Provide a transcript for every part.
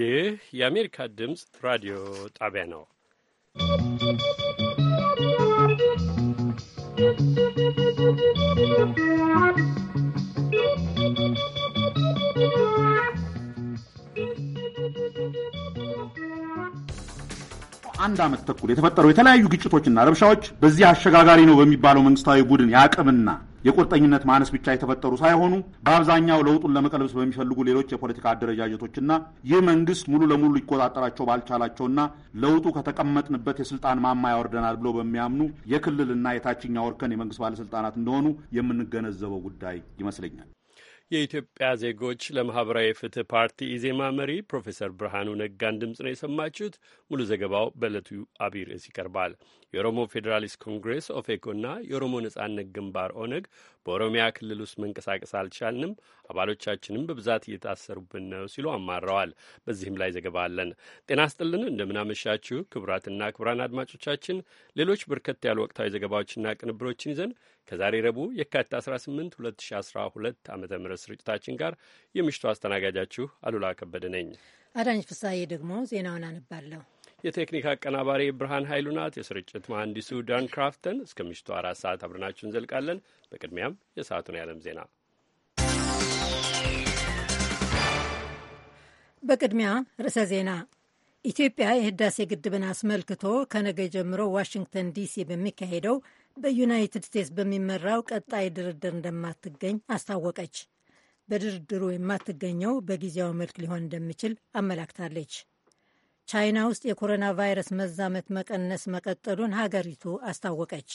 ይህ የአሜሪካ ድምፅ ራዲዮ ጣቢያ ነው። አንድ ዓመት ተኩል የተፈጠሩ የተለያዩ ግጭቶችና ረብሻዎች በዚህ አሸጋጋሪ ነው በሚባለው መንግስታዊ ቡድን የአቅምና የቁርጠኝነት ማነስ ብቻ የተፈጠሩ ሳይሆኑ በአብዛኛው ለውጡን ለመቀልበስ በሚፈልጉ ሌሎች የፖለቲካ አደረጃጀቶችና ይህ መንግስት ሙሉ ለሙሉ ሊቆጣጠራቸው ባልቻላቸውና ለውጡ ከተቀመጥንበት የስልጣን ማማ ያወርደናል ብሎ በሚያምኑ የክልልና የታችኛው እርከን የመንግስት ባለስልጣናት እንደሆኑ የምንገነዘበው ጉዳይ ይመስለኛል። የኢትዮጵያ ዜጎች ለማህበራዊ ፍትህ ፓርቲ ኢዜማ መሪ ፕሮፌሰር ብርሃኑ ነጋን ድምፅ ነው የሰማችሁት። ሙሉ ዘገባው በዕለቱ አቢይ ርዕስ ይቀርባል። የኦሮሞ ፌዴራሊስት ኮንግሬስ ኦፌኮና የኦሮሞ ነጻነት ግንባር ኦነግ በኦሮሚያ ክልል ውስጥ መንቀሳቀስ አልቻልንም፣ አባሎቻችንም በብዛት እየታሰሩብን ነው ሲሉ አማረዋል። በዚህም ላይ ዘገባ አለን። ጤና ስጥልን፣ እንደምናመሻችሁ ክቡራትና ክቡራን አድማጮቻችን ሌሎች በርከት ያሉ ወቅታዊ ዘገባዎችና ቅንብሮችን ይዘን ከዛሬ ረቡዕ የካቲት 18 2012 ዓ ም ስርጭታችን ጋር የምሽቱ አስተናጋጃችሁ አሉላ ከበደ ነኝ። አዳኝ ፍሳዬ ደግሞ ዜናውን አነባለሁ። የቴክኒክ አቀናባሪ ብርሃን ኃይሉ ናት። የስርጭት መሐንዲሱ ዳን ክራፍተን። እስከ ምሽቱ አራት ሰዓት አብረናችሁ እንዘልቃለን። በቅድሚያም የሰዓቱን የዓለም ዜና። በቅድሚያ ርዕሰ ዜና ኢትዮጵያ የህዳሴ ግድብን አስመልክቶ ከነገ ጀምሮ ዋሽንግተን ዲሲ በሚካሄደው በዩናይትድ ስቴትስ በሚመራው ቀጣይ ድርድር እንደማትገኝ አስታወቀች። በድርድሩ የማትገኘው በጊዜያዊ መልክ ሊሆን እንደሚችል አመላክታለች። ቻይና ውስጥ የኮሮና ቫይረስ መዛመት መቀነስ መቀጠሉን ሀገሪቱ አስታወቀች።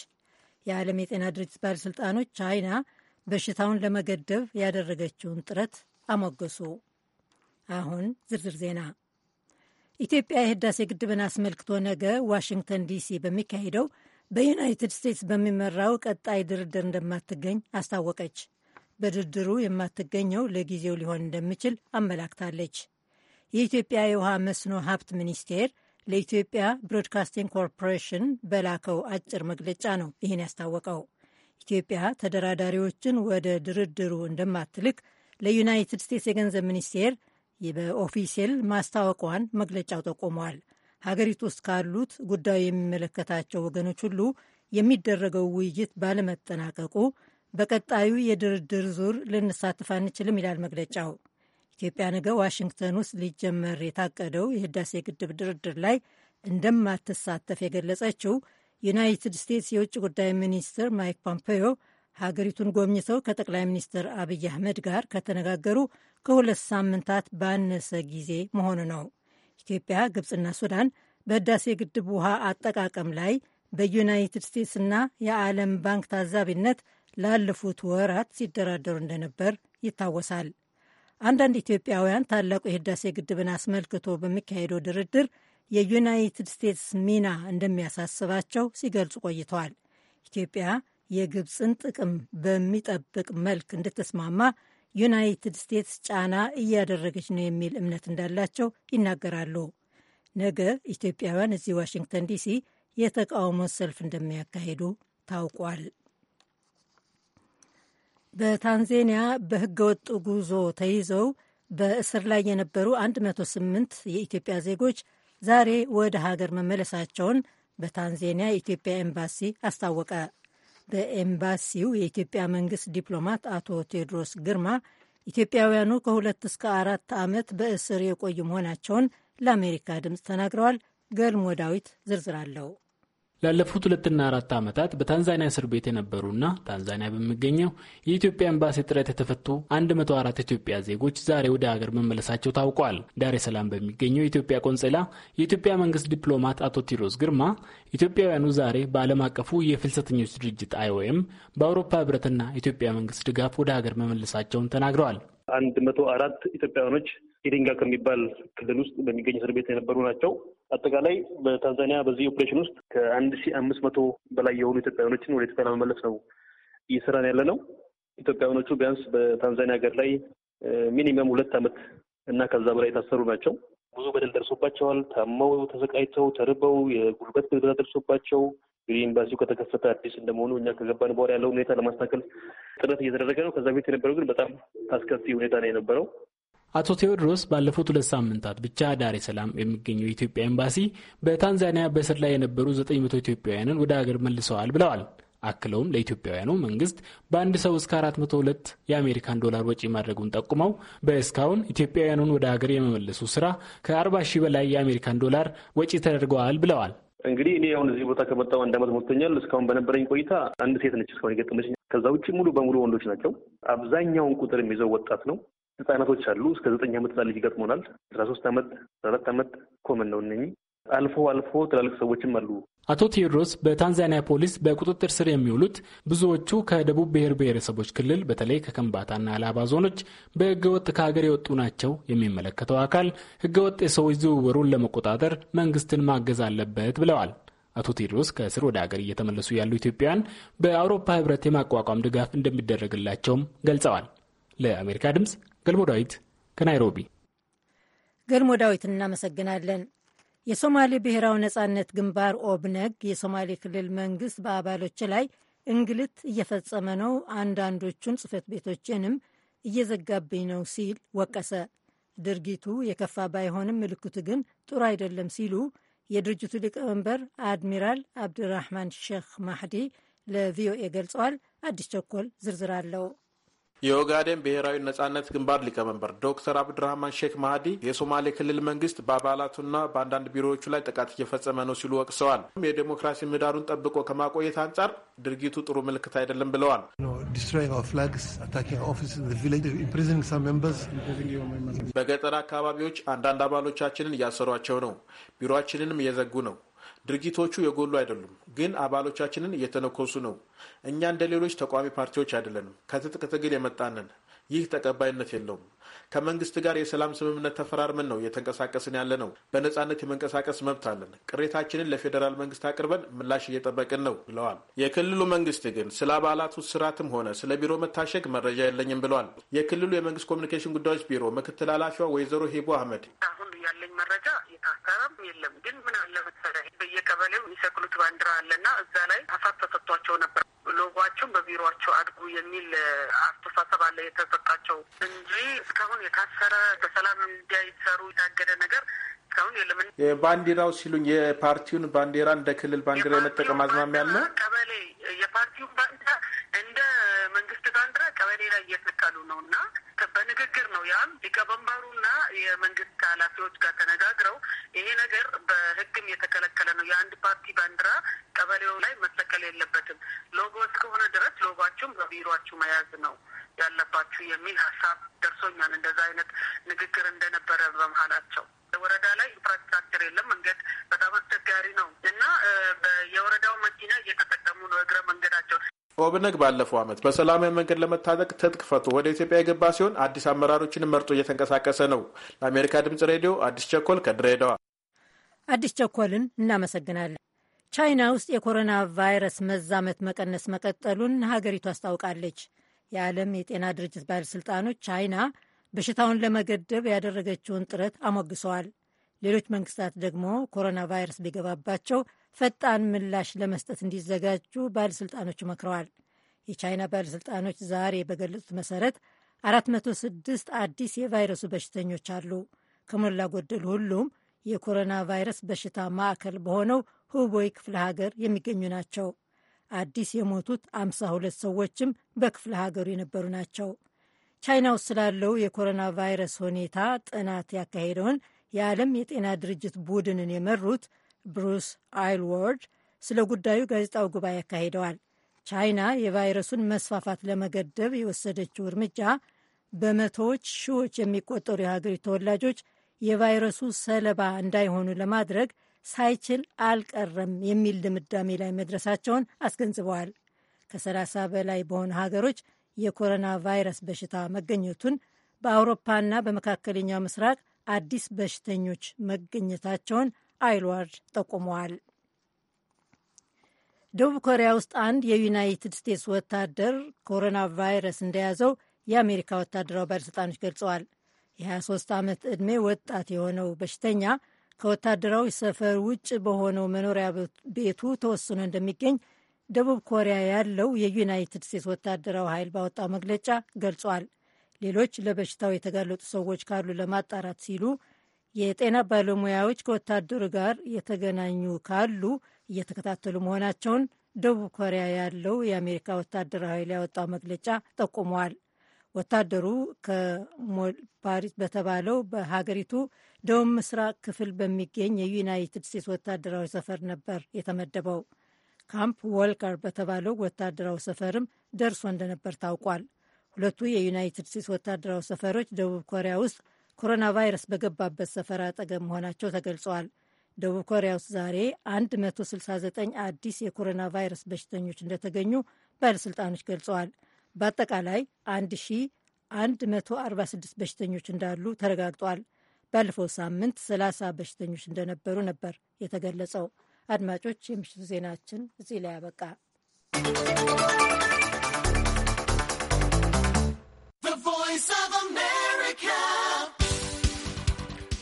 የዓለም የጤና ድርጅት ባለሥልጣኖች ቻይና በሽታውን ለመገደብ ያደረገችውን ጥረት አሞገሱ። አሁን ዝርዝር ዜና። ኢትዮጵያ የህዳሴ ግድብን አስመልክቶ ነገ ዋሽንግተን ዲሲ በሚካሄደው በዩናይትድ ስቴትስ በሚመራው ቀጣይ ድርድር እንደማትገኝ አስታወቀች። በድርድሩ የማትገኘው ለጊዜው ሊሆን እንደሚችል አመላክታለች። የኢትዮጵያ የውሃ መስኖ ሀብት ሚኒስቴር ለኢትዮጵያ ብሮድካስቲንግ ኮርፖሬሽን በላከው አጭር መግለጫ ነው ይህን ያስታወቀው። ኢትዮጵያ ተደራዳሪዎችን ወደ ድርድሩ እንደማትልክ ለዩናይትድ ስቴትስ የገንዘብ ሚኒስቴር በኦፊሴል ማስታወቋን መግለጫው ጠቁሟል። ሀገሪቱ ውስጥ ካሉት ጉዳዩ የሚመለከታቸው ወገኖች ሁሉ የሚደረገው ውይይት ባለመጠናቀቁ በቀጣዩ የድርድር ዙር ልንሳተፍ አንችልም ይላል መግለጫው። ኢትዮጵያ ነገ ዋሽንግተን ውስጥ ሊጀመር የታቀደው የህዳሴ ግድብ ድርድር ላይ እንደማትሳተፍ የገለጸችው ዩናይትድ ስቴትስ የውጭ ጉዳይ ሚኒስትር ማይክ ፖምፔዮ ሀገሪቱን ጎብኝተው ከጠቅላይ ሚኒስትር አብይ አህመድ ጋር ከተነጋገሩ ከሁለት ሳምንታት ባነሰ ጊዜ መሆኑ ነው። ኢትዮጵያ፣ ግብፅና ሱዳን በህዳሴ ግድብ ውሃ አጠቃቀም ላይ በዩናይትድ ስቴትስና የዓለም ባንክ ታዛቢነት ላለፉት ወራት ሲደራደሩ እንደነበር ይታወሳል። አንዳንድ ኢትዮጵያውያን ታላቁ የህዳሴ ግድብን አስመልክቶ በሚካሄደው ድርድር የዩናይትድ ስቴትስ ሚና እንደሚያሳስባቸው ሲገልጹ ቆይተዋል። ኢትዮጵያ የግብፅን ጥቅም በሚጠብቅ መልክ እንድትስማማ ዩናይትድ ስቴትስ ጫና እያደረገች ነው የሚል እምነት እንዳላቸው ይናገራሉ። ነገ ኢትዮጵያውያን እዚህ ዋሽንግተን ዲሲ የተቃውሞ ሰልፍ እንደሚያካሂዱ ታውቋል። በታንዜኒያ በህገወጥ ጉዞ ተይዘው በእስር ላይ የነበሩ 108 የኢትዮጵያ ዜጎች ዛሬ ወደ ሀገር መመለሳቸውን በታንዜኒያ የኢትዮጵያ ኤምባሲ አስታወቀ። በኤምባሲው የኢትዮጵያ መንግስት ዲፕሎማት አቶ ቴዎድሮስ ግርማ ኢትዮጵያውያኑ ከሁለት እስከ አራት ዓመት በእስር የቆዩ መሆናቸውን ለአሜሪካ ድምፅ ተናግረዋል። ገልሞ ዳዊት ዝርዝር አለው። ላለፉት ሁለትና አራት ዓመታት በታንዛኒያ እስር ቤት የነበሩና ታንዛኒያ በሚገኘው የኢትዮጵያ ኤምባሲ ጥረት የተፈቱ 104 ኢትዮጵያ ዜጎች ዛሬ ወደ ሀገር መመለሳቸው ታውቋል። ዳሬ ሰላም በሚገኘው የኢትዮጵያ ቆንጽላ የኢትዮጵያ መንግስት ዲፕሎማት አቶ ቲሮስ ግርማ ኢትዮጵያውያኑ ዛሬ በዓለም አቀፉ የፍልሰተኞች ድርጅት አይኦኤም በአውሮፓ ህብረትና ኢትዮጵያ መንግስት ድጋፍ ወደ ሀገር መመለሳቸውን ተናግረዋል። አንድ መቶ አራት ኢትዮጵያውያኖች ኢሪንጋ ከሚባል ክልል ውስጥ በሚገኝ እስር ቤት የነበሩ ናቸው። አጠቃላይ በታንዛኒያ በዚህ ኦፕሬሽን ውስጥ ከአንድ ሺ አምስት መቶ በላይ የሆኑ ኢትዮጵያውያኖችን ወደ ኢትዮጵያ ለመመለስ ነው እየሰራን ያለ ነው። ኢትዮጵያውያኖቹ ቢያንስ በታንዛኒያ ሀገር ላይ ሚኒመም ሁለት ዓመት እና ከዛ በላይ የታሰሩ ናቸው። ብዙ በደል ደርሶባቸዋል። ታመው፣ ተሰቃይተው፣ ተርበው የጉልበት ብዝበዛ ደርሶባቸው እንግዲህ ኤምባሲው ከተከፈተ አዲስ እንደመሆኑ እኛ ከገባን በኋላ ያለውን ሁኔታ ለማስተካከል ጥረት እየተደረገ ነው። ከዛ ቤት የነበረው ግን በጣም አስከፊ ሁኔታ ነው የነበረው። አቶ ቴዎድሮስ ባለፉት ሁለት ሳምንታት ብቻ ዳሬ ሰላም የሚገኘው የኢትዮጵያ ኤምባሲ በታንዛኒያ በእስር ላይ የነበሩ 900 ኢትዮጵያውያንን ወደ ሀገር መልሰዋል ብለዋል። አክለውም ለኢትዮጵያውያኑ መንግስት በአንድ ሰው እስከ 402 የአሜሪካን ዶላር ወጪ ማድረጉን ጠቁመው በእስካሁን ኢትዮጵያውያኑን ወደ ሀገር የመመለሱ ስራ ከ40 ሺህ በላይ የአሜሪካን ዶላር ወጪ ተደርገዋል ብለዋል። እንግዲህ እኔ አሁን እዚህ ቦታ ከመጣሁ አንድ አመት ሞልቶኛል። እስካሁን በነበረኝ ቆይታ አንድ ሴት ነች እስካሁን የገጠመች። ከዛ ውጭ ሙሉ በሙሉ ወንዶች ናቸው። አብዛኛውን ቁጥር የሚይዘው ወጣት ነው። ህጻናቶች አሉ። እስከ ዘጠኝ ዓመት ህጻን ልጅ ይገጥሞናል። አስራ ሶስት ዓመት አስራ አራት ዓመት ኮመን ነው እነኚህ አልፎ አልፎ ትላልቅ ሰዎችም አሉ። አቶ ቴዎድሮስ በታንዛኒያ ፖሊስ በቁጥጥር ስር የሚውሉት ብዙዎቹ ከደቡብ ብሔር ብሔረሰቦች ክልል በተለይ ከከምባታና አላባ ዞኖች በህገወጥ ከሀገር የወጡ ናቸው። የሚመለከተው አካል ህገወጥ የሰዎች ዝውውሩን ለመቆጣጠር መንግስትን ማገዝ አለበት ብለዋል። አቶ ቴዎድሮስ ከእስር ወደ ሀገር እየተመለሱ ያሉ ኢትዮጵያውያን በአውሮፓ ህብረት የማቋቋም ድጋፍ እንደሚደረግላቸውም ገልጸዋል። ለአሜሪካ ድምፅ ገልሞ ዳዊት ከናይሮቢ። ገልሞ ዳዊት እናመሰግናለን። የሶማሌ ብሔራዊ ነጻነት ግንባር ኦብነግ የሶማሌ ክልል መንግስት በአባሎች ላይ እንግልት እየፈጸመ ነው፣ አንዳንዶቹን ጽህፈት ቤቶችንም እየዘጋብኝ ነው ሲል ወቀሰ። ድርጊቱ የከፋ ባይሆንም ምልክቱ ግን ጥሩ አይደለም ሲሉ የድርጅቱ ሊቀመንበር አድሚራል አብድራህማን ሼክ ማህዲ ለቪኦኤ ገልጸዋል። አዲስ ቸኮል ዝርዝር አለው። የኦጋዴን ብሔራዊ ነጻነት ግንባር ሊቀመንበር ዶክተር አብድራህማን ሼክ ማሃዲ የሶማሌ ክልል መንግስት በአባላቱና በአንዳንድ ቢሮዎቹ ላይ ጥቃት እየፈጸመ ነው ሲሉ ወቅሰዋል። የዴሞክራሲ ምህዳሩን ጠብቆ ከማቆየት አንጻር ድርጊቱ ጥሩ ምልክት አይደለም ብለዋል። በገጠር አካባቢዎች አንዳንድ አባሎቻችንን እያሰሯቸው ነው። ቢሮአችንንም እየዘጉ ነው። ድርጊቶቹ የጎሉ አይደሉም፣ ግን አባሎቻችንን እየተነኮሱ ነው። እኛ እንደ ሌሎች ተቋሚ ፓርቲዎች አይደለንም። ከትጥቅ ትግል የመጣንን ይህ ተቀባይነት የለውም። ከመንግስት ጋር የሰላም ስምምነት ተፈራርመን ነው እየተንቀሳቀስን ያለ ነው። በነጻነት የመንቀሳቀስ መብት አለን። ቅሬታችንን ለፌዴራል መንግስት አቅርበን ምላሽ እየጠበቅን ነው ብለዋል። የክልሉ መንግስት ግን ስለ አባላቱ ስርዓትም ሆነ ስለ ቢሮ መታሸግ መረጃ የለኝም ብለዋል። የክልሉ የመንግስት ኮሚኒኬሽን ጉዳዮች ቢሮ ምክትል ኃላፊዋ ወይዘሮ ሂቦ አህመድ ያለኝ መረጃ የታሰረም የለም። ግን ምን አለ መሰለህ በየቀበሌው የሚሰቅሉት ባንዲራ አለና እዛ ላይ አሳት ተሰጥቷቸው ነበር። ሎጓቸውን በቢሮቸው አድጉ የሚል አስተሳሰብ አለ የተሰጣቸው እንጂ እስካሁን የታሰረ በሰላም እንዲያይሰሩ የታገደ ነገር እስካሁን የለም። ባንዲራው ሲሉኝ የፓርቲውን ባንዲራ እንደ ክልል ባንዲራ የመጠቀም አዝማሚያ አለ። ቀበሌ የፓርቲውን ባንዲራ እንደ መንግስት ባንዲራ ቀበሌ ላይ እየተከሉ ነው እና በንግግር ነው ያም ሊቀመንበሩና የመንግስት ኃላፊዎች ጋር ተነጋግረው ይሄ ነገር በህግም የተከለከለ ነው። የአንድ ፓርቲ ባንዲራ ቀበሌው ላይ መሰቀል የለበትም። ሎጎ እስከሆነ ድረስ ሎጓችሁም በቢሮችሁ መያዝ ነው ያለባችሁ የሚል ሀሳብ ደርሶኛል። እንደዛ አይነት ንግግር እንደነበረ በመሀላቸው ወረዳ ላይ ኢንፍራስትራክቸር የለም። መንገድ በጣም አስቸጋሪ ነው እና የወረዳው መኪና እየተጠቀሙ ነው እግረ መንገዳቸው ኦብነግ ባለፈው ዓመት በሰላማዊ መንገድ ለመታጠቅ ትጥቅ ፈቶ ወደ ኢትዮጵያ የገባ ሲሆን አዲስ አመራሮችንም መርጦ እየተንቀሳቀሰ ነው። ለአሜሪካ ድምጽ ሬዲዮ አዲስ ቸኮል ከድሬዳዋ። አዲስ ቸኮልን እናመሰግናለን። ቻይና ውስጥ የኮሮና ቫይረስ መዛመት መቀነስ መቀጠሉን ሀገሪቱ አስታውቃለች። የዓለም የጤና ድርጅት ባለሥልጣኖች ቻይና በሽታውን ለመገደብ ያደረገችውን ጥረት አሞግሰዋል። ሌሎች መንግስታት ደግሞ ኮሮና ቫይረስ ቢገባባቸው ፈጣን ምላሽ ለመስጠት እንዲዘጋጁ ባለሥልጣኖቹ መክረዋል። የቻይና ባለሥልጣኖች ዛሬ በገለጹት መሠረት 406 አዲስ የቫይረሱ በሽተኞች አሉ። ከሞላ ጎደል ሁሉም የኮሮና ቫይረስ በሽታ ማዕከል በሆነው ሁቦይ ክፍለ ሀገር የሚገኙ ናቸው። አዲስ የሞቱት 52 ሰዎችም በክፍለ ሀገሩ የነበሩ ናቸው። ቻይና ውስጥ ስላለው የኮሮና ቫይረስ ሁኔታ ጥናት ያካሄደውን የዓለም የጤና ድርጅት ቡድንን የመሩት ብሩስ አይልዎርድ ስለ ጉዳዩ ጋዜጣዊ ጉባኤ አካሂደዋል። ቻይና የቫይረሱን መስፋፋት ለመገደብ የወሰደችው እርምጃ በመቶዎች ሺዎች የሚቆጠሩ የሀገሪቱ ተወላጆች የቫይረሱ ሰለባ እንዳይሆኑ ለማድረግ ሳይችል አልቀረም የሚል ድምዳሜ ላይ መድረሳቸውን አስገንዝበዋል። ከ30 በላይ በሆኑ ሀገሮች የኮሮና ቫይረስ በሽታ መገኘቱን፣ በአውሮፓና በመካከለኛው ምስራቅ አዲስ በሽተኞች መገኘታቸውን አይልዋርድ ጠቁመዋል። ደቡብ ኮሪያ ውስጥ አንድ የዩናይትድ ስቴትስ ወታደር ኮሮና ቫይረስ እንደያዘው የአሜሪካ ወታደራዊ ባለሥልጣኖች ገልጸዋል። የ23 ዓመት ዕድሜ ወጣት የሆነው በሽተኛ ከወታደራዊ ሰፈር ውጭ በሆነው መኖሪያ ቤቱ ተወስኖ እንደሚገኝ ደቡብ ኮሪያ ያለው የዩናይትድ ስቴትስ ወታደራዊ ኃይል ባወጣው መግለጫ ገልጿል። ሌሎች ለበሽታው የተጋለጡ ሰዎች ካሉ ለማጣራት ሲሉ የጤና ባለሙያዎች ከወታደሩ ጋር የተገናኙ ካሉ እየተከታተሉ መሆናቸውን ደቡብ ኮሪያ ያለው የአሜሪካ ወታደራዊ ኃይል ያወጣው መግለጫ ጠቁመዋል። ወታደሩ ፓሪስ በተባለው በሀገሪቱ ደቡብ ምስራቅ ክፍል በሚገኝ የዩናይትድ ስቴትስ ወታደራዊ ሰፈር ነበር የተመደበው። ካምፕ ወልከር በተባለው ወታደራዊ ሰፈርም ደርሶ እንደነበር ታውቋል። ሁለቱ የዩናይትድ ስቴትስ ወታደራዊ ሰፈሮች ደቡብ ኮሪያ ውስጥ ኮሮና ቫይረስ በገባበት ሰፈር አጠገብ መሆናቸው ተገልጿል። ደቡብ ኮሪያ ውስጥ ዛሬ 169 አዲስ የኮሮና ቫይረስ በሽተኞች እንደተገኙ ባለሥልጣኖች ገልጸዋል። በአጠቃላይ 1146 በሽተኞች እንዳሉ ተረጋግጧል። ባለፈው ሳምንት 30 በሽተኞች እንደነበሩ ነበር የተገለጸው። አድማጮች፣ የምሽቱ ዜናችን እዚህ ላይ ያበቃ።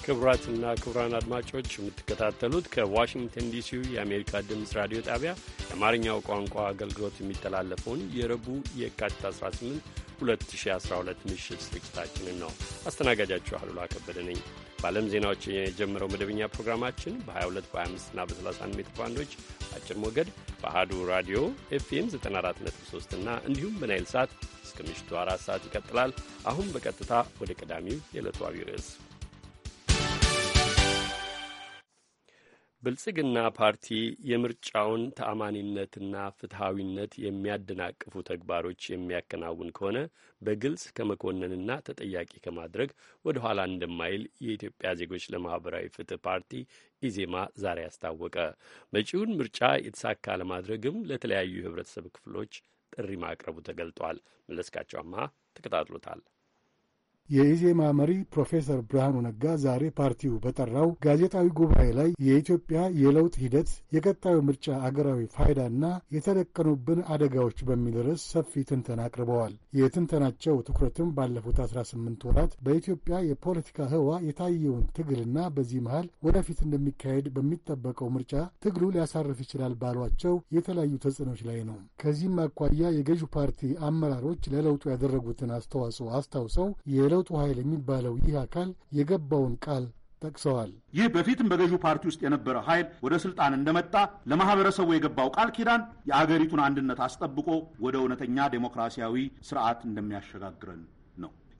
ክቡራትና ክቡራን አድማጮች የምትከታተሉት ከዋሽንግተን ዲሲው የአሜሪካ ድምፅ ራዲዮ ጣቢያ የአማርኛው ቋንቋ አገልግሎት የሚተላለፈውን የረቡዕ የካቲት 18 2012 ምሽት ስርጭታችንን ነው። አስተናጋጃችሁ አሉላ ከበደ ነኝ። በዓለም ዜናዎች የጀመረው መደበኛ ፕሮግራማችን በ22 በ25ና በ31 ሜትር ባንዶች አጭር ሞገድ በአህዱ ራዲዮ ኤፍኤም 943 እና እንዲሁም በናይል ሰዓት እስከ ምሽቱ አራት ሰዓት ይቀጥላል። አሁን በቀጥታ ወደ ቀዳሚው የዕለቱ አብይ ርዕስ ብልጽግና ፓርቲ የምርጫውን ተአማኒነትና ፍትሐዊነት የሚያደናቅፉ ተግባሮች የሚያከናውን ከሆነ በግልጽ ከመኮንንና ተጠያቂ ከማድረግ ወደ ኋላ እንደማይል የኢትዮጵያ ዜጎች ለማህበራዊ ፍትህ ፓርቲ ኢዜማ ዛሬ አስታወቀ። መጪውን ምርጫ የተሳካ ለማድረግም ለተለያዩ የህብረተሰብ ክፍሎች ጥሪ ማቅረቡ ተገልጧል። መለስካቸው አምሃ ተከታትሎታል። የኢዜማ መሪ ፕሮፌሰር ብርሃኑ ነጋ ዛሬ ፓርቲው በጠራው ጋዜጣዊ ጉባኤ ላይ የኢትዮጵያ የለውጥ ሂደት የቀጣዩ ምርጫ አገራዊ ፋይዳና የተደቀኑብን አደጋዎች በሚል ርዕስ ሰፊ ትንተና አቅርበዋል። የትንተናቸው ትኩረትም ባለፉት 18 ወራት በኢትዮጵያ የፖለቲካ ህዋ የታየውን ትግልና በዚህ መሃል ወደፊት እንደሚካሄድ በሚጠበቀው ምርጫ ትግሉ ሊያሳርፍ ይችላል ባሏቸው የተለያዩ ተጽዕኖች ላይ ነው። ከዚህም አኳያ የገዢው ፓርቲ አመራሮች ለለውጡ ያደረጉትን አስተዋጽኦ አስታውሰው የለውጡ ኃይል የሚባለው ይህ አካል የገባውን ቃል ጠቅሰዋል። ይህ በፊትም በገዢው ፓርቲ ውስጥ የነበረ ኃይል ወደ ስልጣን እንደመጣ ለማህበረሰቡ የገባው ቃል ኪዳን የአገሪቱን አንድነት አስጠብቆ ወደ እውነተኛ ዴሞክራሲያዊ ስርዓት እንደሚያሸጋግረን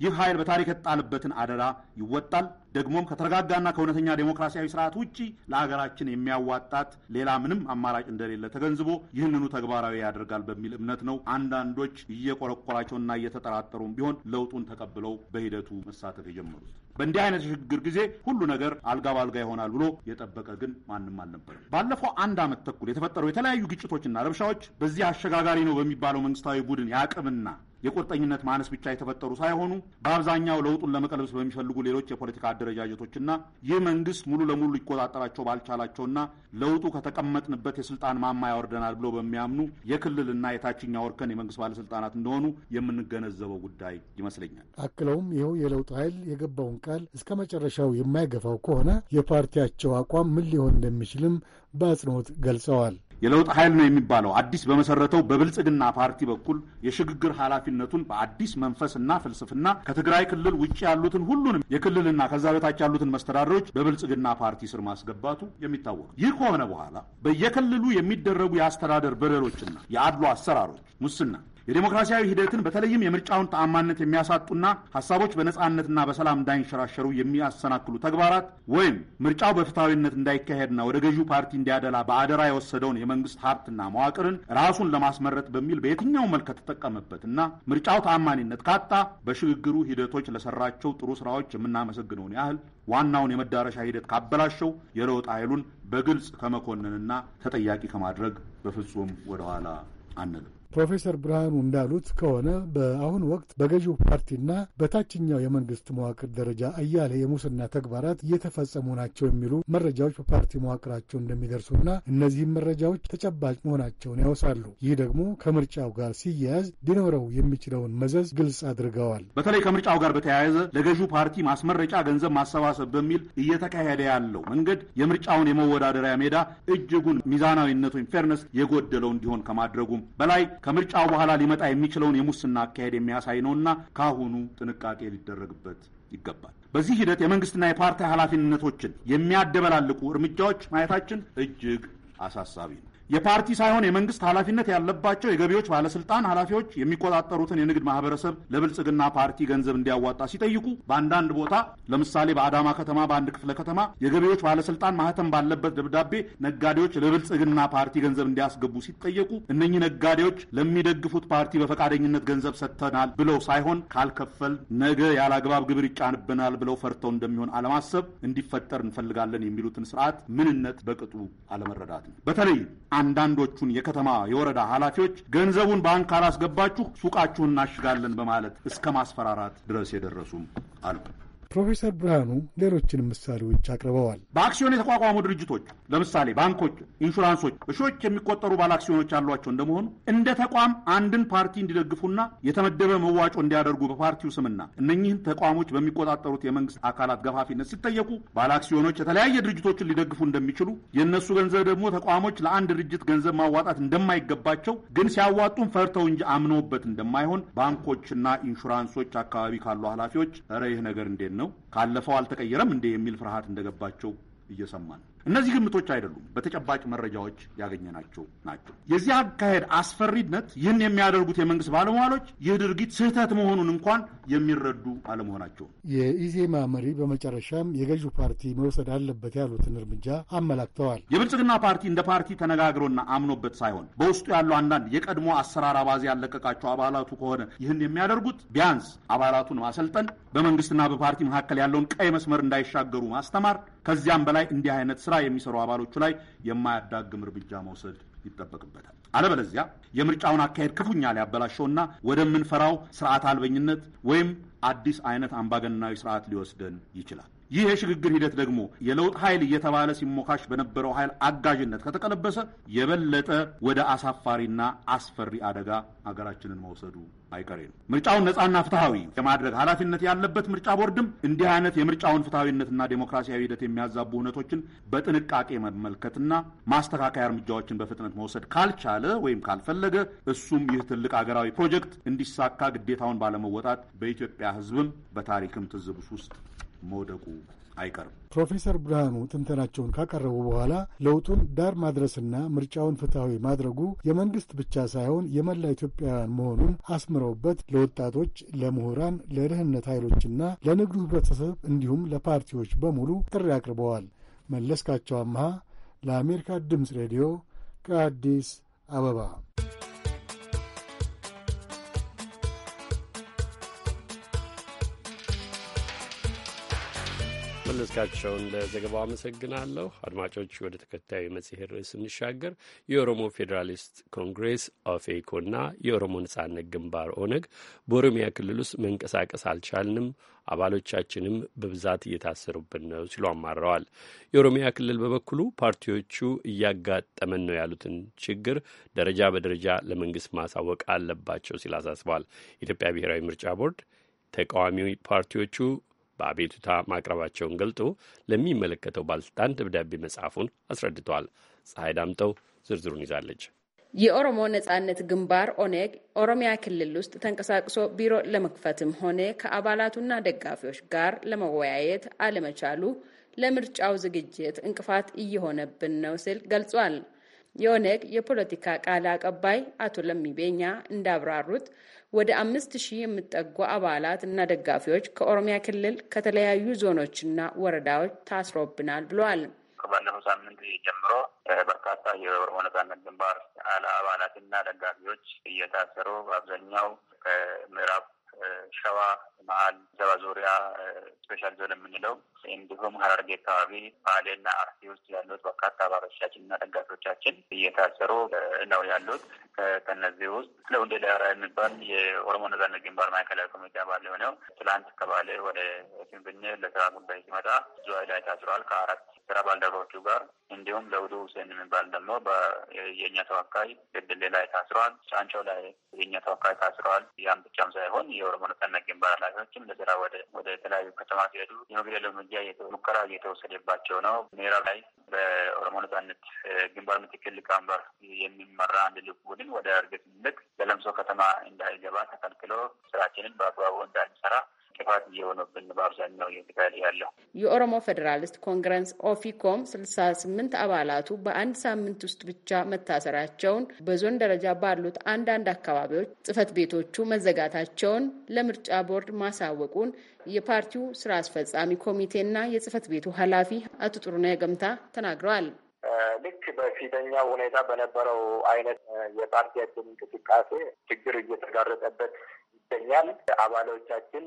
ይህ ኃይል በታሪክ የተጣለበትን አደራ ይወጣል። ደግሞም ከተረጋጋና ከእውነተኛ ዴሞክራሲያዊ ስርዓት ውጭ ለሀገራችን የሚያዋጣት ሌላ ምንም አማራጭ እንደሌለ ተገንዝቦ ይህንኑ ተግባራዊ ያደርጋል በሚል እምነት ነው። አንዳንዶች እየቆረቆራቸውና እየተጠራጠሩም ቢሆን ለውጡን ተቀብለው በሂደቱ መሳተፍ የጀመሩት። በእንዲህ አይነት የሽግግር ጊዜ ሁሉ ነገር አልጋ ባልጋ ይሆናል ብሎ የጠበቀ ግን ማንም አልነበረም። ባለፈው አንድ ዓመት ተኩል የተፈጠሩ የተለያዩ ግጭቶችና ረብሻዎች በዚህ አሸጋጋሪ ነው በሚባለው መንግስታዊ ቡድን የአቅምና የቁርጠኝነት ማነስ ብቻ የተፈጠሩ ሳይሆኑ በአብዛኛው ለውጡን ለመቀልበስ በሚፈልጉ ሌሎች የፖለቲካ አደረጃጀቶችና ይህ መንግስት ሙሉ ለሙሉ ሊቆጣጠራቸው ባልቻላቸውና ለውጡ ከተቀመጥንበት የስልጣን ማማ ያወርደናል ብሎ በሚያምኑ የክልልና የታችኛው እርከን የመንግስት ባለስልጣናት እንደሆኑ የምንገነዘበው ጉዳይ ይመስለኛል። አክለውም ይኸው የለውጥ ኃይል የገባውን ቃል እስከ መጨረሻው የማይገፋው ከሆነ የፓርቲያቸው አቋም ምን ሊሆን እንደሚችልም በአጽንኦት ገልጸዋል። የለውጥ ኃይል ነው የሚባለው አዲስ በመሰረተው በብልጽግና ፓርቲ በኩል የሽግግር ኃላፊነቱን በአዲስ መንፈስና ፍልስፍና ከትግራይ ክልል ውጭ ያሉትን ሁሉንም የክልልና ከዛ በታች ያሉትን መስተዳደሮች በብልጽግና ፓርቲ ስር ማስገባቱ የሚታወቅ ይህ ከሆነ በኋላ በየክልሉ የሚደረጉ የአስተዳደር በደሎችና የአድሎ አሰራሮች፣ ሙስና የዴሞክራሲያዊ ሂደትን በተለይም የምርጫውን ተአማንነት የሚያሳጡና ሀሳቦች በነፃነትና በሰላም እንዳይንሸራሸሩ የሚያሰናክሉ ተግባራት ወይም ምርጫው በፍትሐዊነት እንዳይካሄድና ወደ ገዢው ፓርቲ እንዲያደላ በአደራ የወሰደውን የመንግስት ሀብትና መዋቅርን ራሱን ለማስመረጥ በሚል በየትኛው መልክ ከተጠቀመበትና ምርጫው ተአማኒነት ካጣ በሽግግሩ ሂደቶች ለሰራቸው ጥሩ ስራዎች የምናመሰግነውን ያህል ዋናውን የመዳረሻ ሂደት ካበላሸው የለውጥ ኃይሉን በግልጽ ከመኮንንና ተጠያቂ ከማድረግ በፍጹም ወደኋላ አንልም። ፕሮፌሰር ብርሃኑ እንዳሉት ከሆነ በአሁኑ ወቅት በገዢው ፓርቲና በታችኛው የመንግስት መዋቅር ደረጃ አያሌ የሙስና ተግባራት እየተፈጸሙ ናቸው የሚሉ መረጃዎች በፓርቲ መዋቅራቸው እንደሚደርሱና እነዚህም መረጃዎች ተጨባጭ መሆናቸውን ያወሳሉ። ይህ ደግሞ ከምርጫው ጋር ሲያያዝ ሊኖረው የሚችለውን መዘዝ ግልጽ አድርገዋል። በተለይ ከምርጫው ጋር በተያያዘ ለገዢው ፓርቲ ማስመረጫ ገንዘብ ማሰባሰብ በሚል እየተካሄደ ያለው መንገድ የምርጫውን የመወዳደሪያ ሜዳ እጅጉን ሚዛናዊነት ወይም ፌርነስ የጎደለው እንዲሆን ከማድረጉም በላይ ከምርጫው በኋላ ሊመጣ የሚችለውን የሙስና አካሄድ የሚያሳይ ነውና ከአሁኑ ጥንቃቄ ሊደረግበት ይገባል። በዚህ ሂደት የመንግስትና የፓርቲ ኃላፊነቶችን የሚያደበላልቁ እርምጃዎች ማየታችን እጅግ አሳሳቢ ነው። የፓርቲ ሳይሆን የመንግስት ኃላፊነት ያለባቸው የገቢዎች ባለስልጣን ኃላፊዎች የሚቆጣጠሩትን የንግድ ማህበረሰብ ለብልጽግና ፓርቲ ገንዘብ እንዲያዋጣ ሲጠይቁ በአንዳንድ ቦታ ለምሳሌ በአዳማ ከተማ በአንድ ክፍለ ከተማ የገቢዎች ባለስልጣን ማህተም ባለበት ደብዳቤ ነጋዴዎች ለብልጽግና ፓርቲ ገንዘብ እንዲያስገቡ ሲጠየቁ እነኚህ ነጋዴዎች ለሚደግፉት ፓርቲ በፈቃደኝነት ገንዘብ ሰጥተናል ብለው ሳይሆን ካልከፈል ነገ ያለአግባብ ግብር ይጫንብናል ብለው ፈርተው እንደሚሆን አለማሰብ እንዲፈጠር እንፈልጋለን የሚሉትን ስርዓት ምንነት በቅጡ አለመረዳት ነው። በተለይ አንዳንዶቹን የከተማ የወረዳ ኃላፊዎች ገንዘቡን ባንክ አላስገባችሁ ሱቃችሁን እናሽጋለን በማለት እስከ ማስፈራራት ድረስ የደረሱም አሉ። ፕሮፌሰር ብርሃኑ ሌሎችንም ምሳሌዎች አቅርበዋል። በአክሲዮን የተቋቋሙ ድርጅቶች ለምሳሌ ባንኮች፣ ኢንሹራንሶች በሺዎች የሚቆጠሩ አክሲዮኖች ያሏቸው እንደመሆኑ እንደ ተቋም አንድን ፓርቲ እንዲደግፉና የተመደበ መዋጮ እንዲያደርጉ በፓርቲው ስምና እነኚህን ተቋሞች በሚቆጣጠሩት የመንግስት አካላት ገፋፊነት ሲጠየቁ አክሲዮኖች የተለያየ ድርጅቶችን ሊደግፉ እንደሚችሉ የእነሱ ገንዘብ ደግሞ ተቋሞች ለአንድ ድርጅት ገንዘብ ማዋጣት እንደማይገባቸው ግን ሲያዋጡም ፈርተው እንጂ አምነውበት እንደማይሆን ባንኮችና ኢንሹራንሶች አካባቢ ካሉ ኃላፊዎች ኧረ ይህ ነገር እንዴት ነው ነው ካለፈው አልተቀየረም እንዴ የሚል ፍርሃት እንደገባቸው እየሰማን እነዚህ ግምቶች አይደሉም፣ በተጨባጭ መረጃዎች ያገኘናቸው ናቸው። የዚህ አካሄድ አስፈሪነት ይህን የሚያደርጉት የመንግስት ባለሟሎች ይህ ድርጊት ስህተት መሆኑን እንኳን የሚረዱ አለመሆናቸው። የኢዜማ መሪ በመጨረሻም የገዢው ፓርቲ መውሰድ አለበት ያሉትን እርምጃ አመላክተዋል። የብልጽግና ፓርቲ እንደ ፓርቲ ተነጋግሮና አምኖበት ሳይሆን በውስጡ ያሉ አንዳንድ የቀድሞ አሰራር አባዜ ያለቀቃቸው አባላቱ ከሆነ ይህን የሚያደርጉት ቢያንስ አባላቱን ማሰልጠን፣ በመንግስትና በፓርቲ መካከል ያለውን ቀይ መስመር እንዳይሻገሩ ማስተማር ከዚያም በላይ እንዲህ አይነት ስራ የሚሰሩ አባሎቹ ላይ የማያዳግም እርምጃ መውሰድ ይጠበቅበታል። አለበለዚያ የምርጫውን አካሄድ ክፉኛ ሊያበላሸውና ወደምንፈራው ስርዓት አልበኝነት ወይም አዲስ አይነት አምባገነናዊ ስርዓት ሊወስደን ይችላል። ይህ የሽግግር ሂደት ደግሞ የለውጥ ኃይል እየተባለ ሲሞካሽ በነበረው ኃይል አጋዥነት ከተቀለበሰ የበለጠ ወደ አሳፋሪና አስፈሪ አደጋ ሀገራችንን መውሰዱ አይቀሬ ነው። ምርጫውን ነፃና ፍትሐዊ የማድረግ ኃላፊነት ያለበት ምርጫ ቦርድም እንዲህ አይነት የምርጫውን ፍትሐዊነትና ዴሞክራሲያዊ ሂደት የሚያዛቡ እውነቶችን በጥንቃቄ መመልከትና ማስተካከያ እርምጃዎችን በፍጥነት መውሰድ ካልቻለ ወይም ካልፈለገ እሱም ይህ ትልቅ አገራዊ ፕሮጀክት እንዲሳካ ግዴታውን ባለመወጣት በኢትዮጵያ ሕዝብም በታሪክም ትዝብስ ውስጥ መውደቁ አይቀርም። ፕሮፌሰር ብርሃኑ ትንተናቸውን ካቀረቡ በኋላ ለውጡን ዳር ማድረስና ምርጫውን ፍትሐዊ ማድረጉ የመንግስት ብቻ ሳይሆን የመላ ኢትዮጵያውያን መሆኑን አስምረውበት ለወጣቶች፣ ለምሁራን፣ ለደህንነት ኃይሎችና ለንግዱ ህብረተሰብ እንዲሁም ለፓርቲዎች በሙሉ ጥሪ አቅርበዋል። መለስካቸው አምሃ ለአሜሪካ ድምፅ ሬዲዮ ከአዲስ አበባ መለስካቸውን ለዘገባው አመሰግናለሁ። አድማጮች ወደ ተከታዩ መጽሔት ርዕስ ስንሻገር የኦሮሞ ፌዴራሊስት ኮንግሬስ ኦፌኮና የኦሮሞ ነጻነት ግንባር ኦነግ በኦሮሚያ ክልል ውስጥ መንቀሳቀስ አልቻልንም፣ አባሎቻችንም በብዛት እየታሰሩብን ነው ሲሉ አማረዋል። የኦሮሚያ ክልል በበኩሉ ፓርቲዎቹ እያጋጠመን ነው ያሉትን ችግር ደረጃ በደረጃ ለመንግስት ማሳወቅ አለባቸው ሲል አሳስቧል። የኢትዮጵያ ብሔራዊ ምርጫ ቦርድ ተቃዋሚ ፓርቲዎቹ በአቤቱታ ማቅረባቸውን ገልጦ ለሚመለከተው ባለስልጣን ደብዳቤ መጻፉን አስረድቷል። ፀሐይ ዳምጠው ዝርዝሩን ይዛለች። የኦሮሞ ነጻነት ግንባር ኦኔግ ኦሮሚያ ክልል ውስጥ ተንቀሳቅሶ ቢሮ ለመክፈትም ሆነ ከአባላቱና ደጋፊዎች ጋር ለመወያየት አለመቻሉ ለምርጫው ዝግጅት እንቅፋት እየሆነብን ነው ሲል ገልጿል። የኦኔግ የፖለቲካ ቃል አቀባይ አቶ ለሚቤኛ እንዳብራሩት ወደ አምስት ሺህ የሚጠጉ አባላት እና ደጋፊዎች ከኦሮሚያ ክልል ከተለያዩ ዞኖችና ወረዳዎች ታስሮብናል ብለዋል። ባለፈው ሳምንት ጀምሮ በርካታ የኦሮሞ ነጻነት ግንባር አባላትና ደጋፊዎች እየታሰሩ አብዛኛው ከምዕራብ ሸዋ መሀል ዘባ ዙሪያ ስፔሻል ዞን የምንለው እንዲሁም ሀረርጌ አካባቢ ባሌና አርሲ ውስጥ ያሉት በርካታ አባሎቻችን እና ደጋፊዎቻችን እየታሰሩ ነው ያሉት። ከነዚህ ውስጥ ለውንዴ ዳራ የሚባል የኦሮሞ ነጻነት ግንባር ማዕከላዊ ኮሚቴ አባል የሆነው ትላንት ከባሌ ወደ ፊንፊኔ ለስራ ጉዳይ ሲመጣ ዙዋይ ላይ ታስሯል ከአራት ስራ ባልደረቦቹ ጋር እንዲሁም ለውዱ ሁሴን የሚባል ደግሞ የእኛ ተወካይ ግድሌ ላይ ታስሯል። ጫንቸው ላይ የእኛ ተወካይ ታስሯል። ያም ብቻም ሳይሆን የኦሮሞ ነጻነት ግንባር ኃላፊዎችም ለስራ ወደ ተለያዩ ከተማ ሲሄዱ የመግደል እርምጃ ሙከራ እየተወሰደባቸው ነው። ምዕራብ ላይ በኦሮሞ ነጻነት ግንባር ምክትል ሊቀመንበር የሚመራ አንድ ልዑክ ቡድን ወደ እርግጥ ምልክ በለምሶ ከተማ እንዳይገባ ተከልክሎ ስራችንን በአግባቡ እንዳንሰራ ጥፋት እየሆነብን በአብዛኛው እየተካሄደ ያለው። የኦሮሞ ፌዴራሊስት ኮንግረስ ኦፊኮም ስልሳ ስምንት አባላቱ በአንድ ሳምንት ውስጥ ብቻ መታሰራቸውን፣ በዞን ደረጃ ባሉት አንዳንድ አካባቢዎች ጽህፈት ቤቶቹ መዘጋታቸውን ለምርጫ ቦርድ ማሳወቁን የፓርቲው ስራ አስፈጻሚ ኮሚቴና የጽህፈት ቤቱ ኃላፊ አቶ ጥሩነህ ገምታ ተናግረዋል። ልክ በፊተኛው ሁኔታ በነበረው አይነት የፓርቲያችን እንቅስቃሴ ችግር እየተጋረጠበት ይገኛል። አባሎቻችን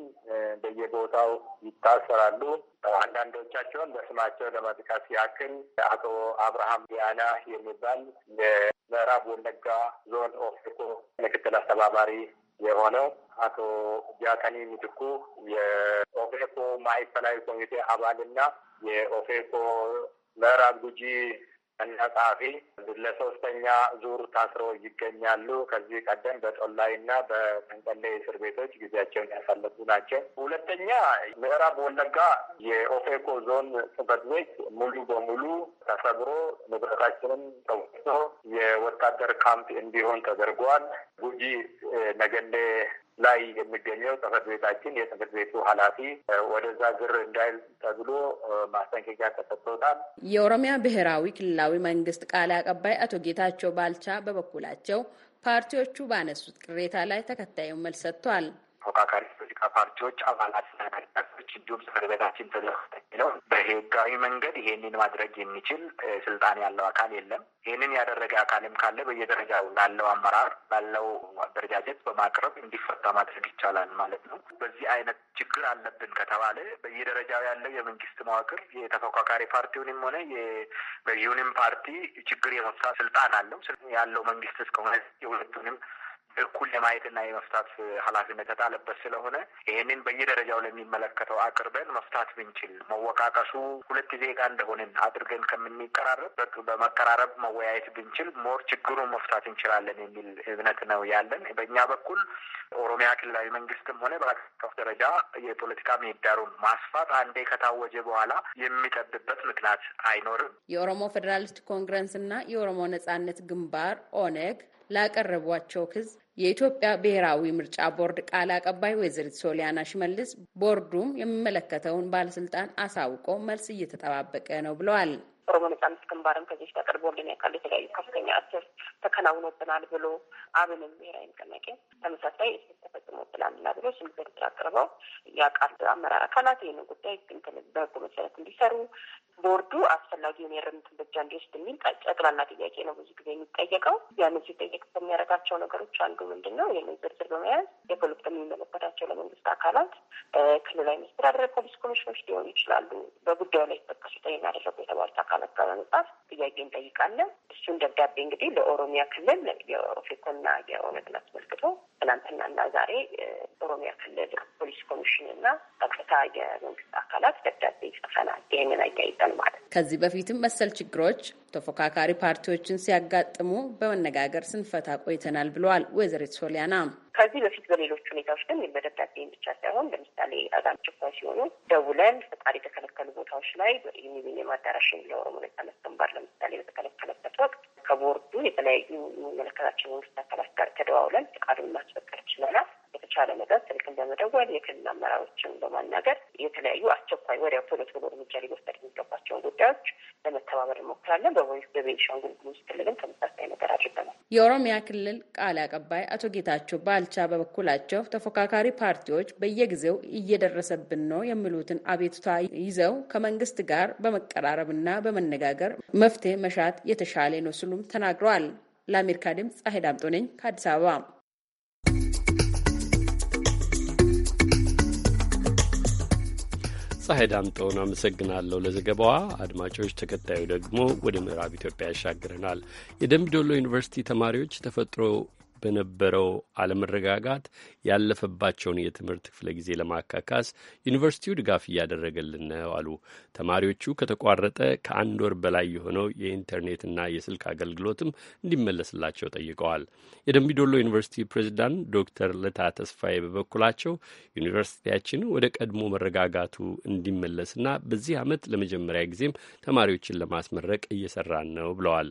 በየቦታው ይታሰራሉ። አንዳንዶቻቸውን በስማቸው ለመጥቀስ ያክል አቶ አብርሃም ዲያና የሚባል የምዕራብ ወለጋ ዞን ኦፌኮ ምክትል አስተባባሪ የሆነው አቶ ጃከኒ ምትኩ የኦፌኮ ማዕከላዊ ኮሚቴ አባልና የኦፌኮ ምዕራብ ጉጂ እና ጸሐፊ ለሶስተኛ ዙር ታስረው ይገኛሉ። ከዚህ ቀደም በጦላይና በጠንቀሌ እስር ቤቶች ጊዜያቸውን ያሳለፉ ናቸው። ሁለተኛ ምዕራብ ወለጋ የኦፌኮ ዞን ጽሕፈት ቤት ሙሉ በሙሉ ተሰብሮ ንብረታችንም ተወስዶ የወታደር ካምፕ እንዲሆን ተደርጓል። ጉጂ ነገሌ ላይ የሚገኘው ጽህፈት ቤታችን የጽህፈት ቤቱ ኃላፊ ወደዛ ግር እንዳይል ተብሎ ማስጠንቀቂያ ተሰጥቶታል። የኦሮሚያ ብሔራዊ ክልላዊ መንግስት ቃል አቀባይ አቶ ጌታቸው ባልቻ በበኩላቸው ፓርቲዎቹ ባነሱት ቅሬታ ላይ ተከታዩን መልስ ሰጥቷል። ተፎካካሪ ፖለቲካ ፓርቲዎች አባላትና ደጋፊዎች እንዲሁም ጽሕፈት ቤታችን ተዘለው በህጋዊ መንገድ ይሄንን ማድረግ የሚችል ስልጣን ያለው አካል የለም። ይህንን ያደረገ አካልም ካለ በየደረጃው ላለው አመራር ላለው አደረጃጀት በማቅረብ እንዲፈታ ማድረግ ይቻላል ማለት ነው። በዚህ አይነት ችግር አለብን ከተባለ በየደረጃው ያለው የመንግስት መዋቅር የተፎካካሪ ፓርቲውንም ሆነ የገዢውንም ፓርቲ ችግር የመፍታት ስልጣን አለው ያለው መንግስት እስከሆነ የሁለቱንም እኩል የማየትና የመፍታት ኃላፊነት የጣለበት ስለሆነ ይህንን በየደረጃው ለሚመለከተው አቅርበን መፍታት ብንችል መወቃቀሱ ሁለት ዜጋ እንደሆንን አድርገን ከምንቀራረብ በመቀራረብ መወያየት ብንችል ሞር ችግሩን መፍታት እንችላለን የሚል እምነት ነው ያለን። በእኛ በኩል ኦሮሚያ ክልላዊ መንግስትም ሆነ በአቀፍ ደረጃ የፖለቲካ ምህዳሩን ማስፋት አንዴ ከታወጀ በኋላ የሚጠብበት ምክንያት አይኖርም። የኦሮሞ ፌዴራሊስት ኮንግረንስ እና የኦሮሞ ነጻነት ግንባር ኦነግ ላቀረቧቸው ክስ የኢትዮጵያ ብሔራዊ ምርጫ ቦርድ ቃል አቀባይ ወይዘሪት ሶሊያና ሽመልስ ቦርዱም የሚመለከተውን ባለስልጣን አሳውቆ መልስ እየተጠባበቀ ነው ብለዋል። ኦሮሞ ነጻነት ግንባርም ከዚህ ተቀርቦልን ያውቃል። የተለያዩ ከፍተኛ እስር ተከናውኖብናል ብሎ አብንም ብሔራዊ ንቅናቄ ተመሳሳይ እስር ተፈጽሞብናልና ብሎ ስም ዝርዝር አቅርበው ያውቃል። አመራር አካላት ይህን ጉዳይ እንትን በህጉ መሰረት እንዲሰሩ ቦርዱ አስፈላጊውን የእርምት እርምጃ እንዲወስድ የሚል ጠቅላላ ጥያቄ ነው ብዙ ጊዜ የሚጠየቀው። ያንን ሲጠየቅ ከሚያደርጋቸው ነገሮች አንዱ ምንድን ነው? ይህንን ዝርዝር በመያዝ የፖለቲካ የሚመለከታቸው ለመንግስት አካላት ክልላዊ መስተዳደር፣ ፖሊስ ኮሚሽኖች ሊሆኑ ይችላሉ በጉዳዩ ላይ ተጠቀሱ ጠይና ያደረጉ የተባሉት አካላት ካነበበ መጽሐፍ ጥያቄ እንጠይቃለን። እሱን ደብዳቤ እንግዲህ ለኦሮሚያ ክልል የኦፌኮና የኦነግን አስመልክቶ ትናንትና ትናንትናና ዛሬ ኦሮሚያ ክልል ፖሊስ ኮሚሽን እና ቀጥታ የመንግስት አካላት ደብዳቤ ይጽፈናል። ይህንን አያይጠን ማለት ከዚህ በፊትም መሰል ችግሮች ተፎካካሪ ፓርቲዎችን ሲያጋጥሙ በመነጋገር ስንፈታ ቆይተናል ብለዋል ወይዘሪት ሶሊያና ከዚህ በፊት በሌሎች ሁኔታዎች ግን በደብዳቤ ብቻ ሳይሆን ለምሳሌ በጣም ጭፋ ሲሆኑ ደውለን ፈቃድ የተከለከሉ ቦታዎች ላይ የሚሊኒየም አዳራሽ የሚለው ኦሮሞ ነጻነት ግንባር ለምሳሌ በተከለከለበት ወቅት ከቦርዱ የተለያዩ የሚመለከታቸው መንግስት አካላት ጋር ተደዋውለን ፈቃዱን ማስፈቀድ ችለናል። በተቻለ መጠን ስልክን በመደወል የክልል አመራሮችን በማናገር የተለያዩ አስቸኳይ ወዲያው ቶሎ ቶሎ እርምጃ ሊወሰድ የሚገባቸውን ጉዳዮች ለመተባበር እንሞክራለን። በቦይስ በቤንሻንጉል ጉሙዝ ክልልም ተመሳሳይ ነገር አድርገናል። የኦሮሚያ ክልል ቃል አቀባይ አቶ ጌታቸው ባልቻ በበኩላቸው ተፎካካሪ ፓርቲዎች በየጊዜው እየደረሰብን ነው የሚሉትን አቤቱታ ይዘው ከመንግስት ጋር በመቀራረብና በመነጋገር መፍትሄ መሻት የተሻለ ነው ሲሉም ተናግረዋል። ለአሜሪካ ድምፅ ፀሐይ ዳምጦ ነኝ ከአዲስ አበባ። ፀሐይ ዳምጠውን አመሰግናለሁ ለዘገባዋ። አድማጮች፣ ተከታዩ ደግሞ ወደ ምዕራብ ኢትዮጵያ ያሻግረናል። የደምቢ ዶሎ ዩኒቨርሲቲ ተማሪዎች ተፈጥሮ። በነበረው አለመረጋጋት ያለፈባቸውን የትምህርት ክፍለ ጊዜ ለማካካስ ዩኒቨርሲቲው ድጋፍ እያደረገልን ነው አሉ። ተማሪዎቹ ከተቋረጠ ከአንድ ወር በላይ የሆነው የኢንተርኔትና የስልክ አገልግሎትም እንዲመለስላቸው ጠይቀዋል። የደምቢዶሎ ዩኒቨርሲቲ ፕሬዚዳንት ዶክተር ለታ ተስፋዬ በበኩላቸው ዩኒቨርሲቲያችን ወደ ቀድሞ መረጋጋቱ እንዲመለስና በዚህ ዓመት ለመጀመሪያ ጊዜም ተማሪዎችን ለማስመረቅ እየሰራን ነው ብለዋል።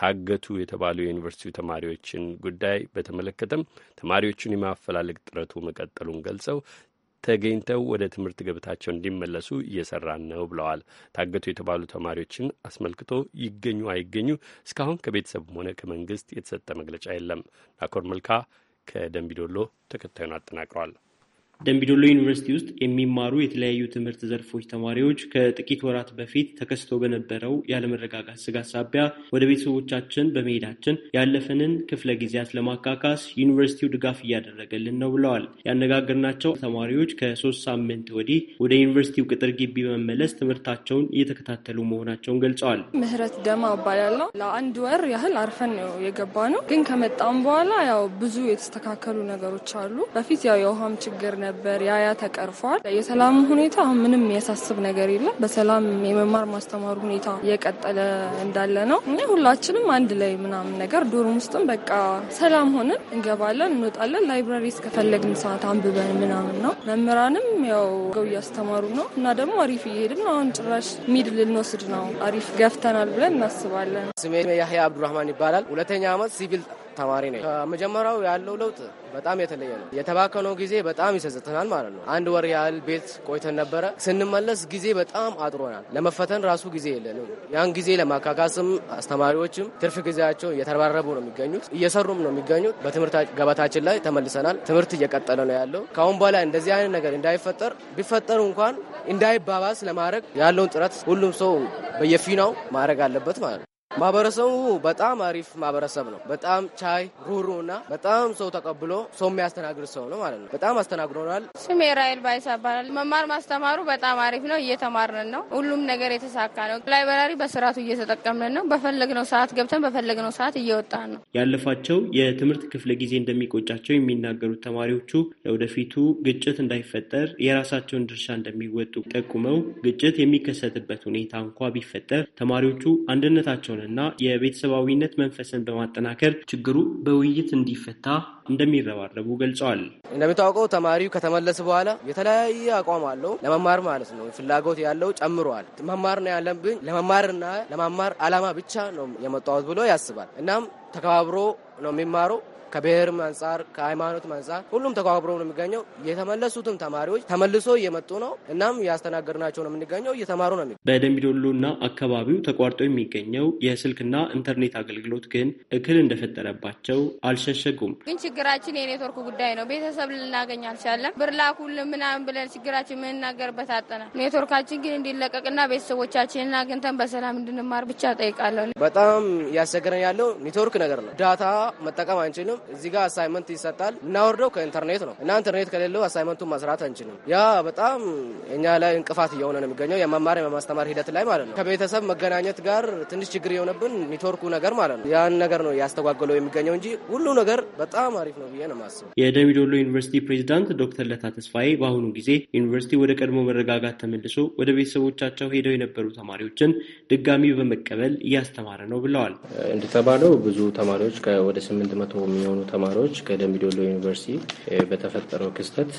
ታገቱ የተባሉ የዩኒቨርሲቲው ተማሪዎችን ጉዳይ በተመለከተም ተማሪዎቹን የማፈላለግ ጥረቱ መቀጠሉን ገልጸው ተገኝተው ወደ ትምህርት ገበታቸው እንዲመለሱ እየሰራን ነው ብለዋል። ታገቱ የተባሉ ተማሪዎችን አስመልክቶ ይገኙ አይገኙ እስካሁን ከቤተሰብም ሆነ ከመንግስት የተሰጠ መግለጫ የለም። ናኮር መልካ ከደንቢዶሎ ተከታዩን አጠናቅሯል። ደምቢዶሎ ዩኒቨርሲቲ ውስጥ የሚማሩ የተለያዩ ትምህርት ዘርፎች ተማሪዎች ከጥቂት ወራት በፊት ተከስቶ በነበረው ያለመረጋጋት ስጋት ሳቢያ ወደ ቤተሰቦቻችን በመሄዳችን ያለፈንን ክፍለ ጊዜያት ለማካካስ ዩኒቨርሲቲው ድጋፍ እያደረገልን ነው ብለዋል። ያነጋገርናቸው ተማሪዎች ከሶስት ሳምንት ወዲህ ወደ ዩኒቨርሲቲው ቅጥር ግቢ በመመለስ ትምህርታቸውን እየተከታተሉ መሆናቸውን ገልጸዋል። ምህረት ደማ እባላለሁ። ለአንድ ወር ያህል አርፈን ነው የገባ ነው። ግን ከመጣም በኋላ ያው ብዙ የተስተካከሉ ነገሮች አሉ። በፊት ያው የውሃም ችግር ነበር። ያያ ተቀርፏል። የሰላም ሁኔታ ምንም የሚያሳስብ ነገር የለም። በሰላም የመማር ማስተማሩ ሁኔታ እየቀጠለ እንዳለ ነው። እኛ ሁላችንም አንድ ላይ ምናምን ነገር ዶርም ውስጥም በቃ ሰላም ሆነን እንገባለን፣ እንወጣለን። ላይብራሪ እስከፈለግን ሰዓት አንብበን ምናምን ነው። መምህራንም ያው ገው እያስተማሩ ነው እና ደግሞ አሪፍ እየሄድን አሁን ጭራሽ ሚድ ልንወስድ ነው። አሪፍ ገፍተናል ብለን እናስባለን። ስሜ ያህያ አብዱራህማን ይባላል። ሁለተኛ ዓመት ሲቪል ተማሪ ነኝ። ከመጀመሪያው ያለው ለውጥ በጣም የተለየ ነው። የተባከነው ጊዜ በጣም ይሰዝተናል ማለት ነው። አንድ ወር ያህል ቤት ቆይተን ነበረ። ስንመለስ ጊዜ በጣም አጥሮናል። ለመፈተን ራሱ ጊዜ የለንም። ያን ጊዜ ለማካካስም አስተማሪዎችም ትርፍ ጊዜያቸው እየተረባረቡ ነው የሚገኙት፣ እየሰሩም ነው የሚገኙት። በትምህርት ገበታችን ላይ ተመልሰናል። ትምህርት እየቀጠለ ነው ያለው። ከአሁን በኋላ እንደዚህ አይነት ነገር እንዳይፈጠር ቢፈጠሩ እንኳን እንዳይባባስ ለማድረግ ያለውን ጥረት ሁሉም ሰው በየፊናው ማድረግ አለበት ማለት ነው። ማህበረሰቡ በጣም አሪፍ ማህበረሰብ ነው። በጣም ቻይ ሩሩ እና በጣም ሰው ተቀብሎ ሰው የሚያስተናግድ ሰው ነው ማለት ነው። በጣም አስተናግዶናል። ስሜ ራይል ባይሳ ይባላል። መማር ማስተማሩ በጣም አሪፍ ነው። እየተማርን ነው። ሁሉም ነገር የተሳካ ነው። ላይበራሪ በስርዓቱ እየተጠቀምን ነው። በፈለግነው ሰዓት ገብተን በፈለግነው ሰዓት እየወጣን ነው። ያለፋቸው የትምህርት ክፍለ ጊዜ እንደሚቆጫቸው የሚናገሩት ተማሪዎቹ ለወደፊቱ ግጭት እንዳይፈጠር የራሳቸውን ድርሻ እንደሚወጡ ጠቁመው ግጭት የሚከሰትበት ሁኔታ እንኳ ቢፈጠር ተማሪዎቹ አንድነታቸው መሆናቸውንና የቤተሰባዊነት መንፈስን በማጠናከር ችግሩ በውይይት እንዲፈታ እንደሚረባረቡ ገልጸዋል። እንደሚታወቀው ተማሪው ከተመለስ በኋላ የተለያየ አቋም አለው ለመማር ማለት ነው። ፍላጎት ያለው ጨምረዋል። መማር ነው ያለብኝ ለመማርና ለማማር አላማ ብቻ ነው የመጣሁት ብሎ ያስባል። እናም ተከባብሮ ነው የሚማረው ከብሔርም አንጻር ከሃይማኖትም አንጻር ሁሉም ተከባብሮ ነው የሚገኘው። የተመለሱትም ተማሪዎች ተመልሶ እየመጡ ነው። እናም ያስተናገድናቸው ነው የምንገኘው እየተማሩ ነው። በደምቢዶሎና አካባቢው ተቋርጦ የሚገኘው የስልክና ኢንተርኔት አገልግሎት ግን እክል እንደፈጠረባቸው አልሸሸጉም። ግን ችግራችን የኔትወርክ ጉዳይ ነው። ቤተሰብ ልናገኝ አልቻለም። ብር ላኩልን ምናምን ብለን ችግራችን የምንናገርበት አጠናል። ኔትወርካችን ግን እንዲለቀቅና ቤተሰቦቻችንን አግኝተን በሰላም እንድንማር ብቻ ጠይቃለሁ። በጣም እያስቸገረን ያለው ኔትወርክ ነገር ነው። ዳታ መጠቀም አንችልም። አናወርድም። እዚህ ጋር አሳይመንት ይሰጣል። እናወርደው ከኢንተርኔት ነው እና ኢንተርኔት ከሌለው አሳይመንቱን መስራት አንችልም። ያ በጣም እኛ ላይ እንቅፋት እየሆነ ነው የሚገኘው የመማር የማስተማር ሂደት ላይ ማለት ነው። ከቤተሰብ መገናኘት ጋር ትንሽ ችግር የሆነብን ኔትወርኩ ነገር ማለት ነው። ያን ነገር ነው ያስተጓገለው የሚገኘው እንጂ ሁሉ ነገር በጣም አሪፍ ነው ብዬ ነው የማስበው። የደምቢዶሎ ዩኒቨርሲቲ ፕሬዚዳንት ዶክተር ለታ ተስፋዬ በአሁኑ ጊዜ ዩኒቨርሲቲ ወደ ቀድሞ መረጋጋት ተመልሶ ወደ ቤተሰቦቻቸው ሄደው የነበሩ ተማሪዎችን ድጋሚ በመቀበል እያስተማረ ነው ብለዋል። እንደተባለው ብዙ ተማሪዎች ወደ ስምንት መቶ የሚሆኑ ተማሪዎች ከደምቢ ዩኒቨርሲቲ በተፈጠረው ክስተት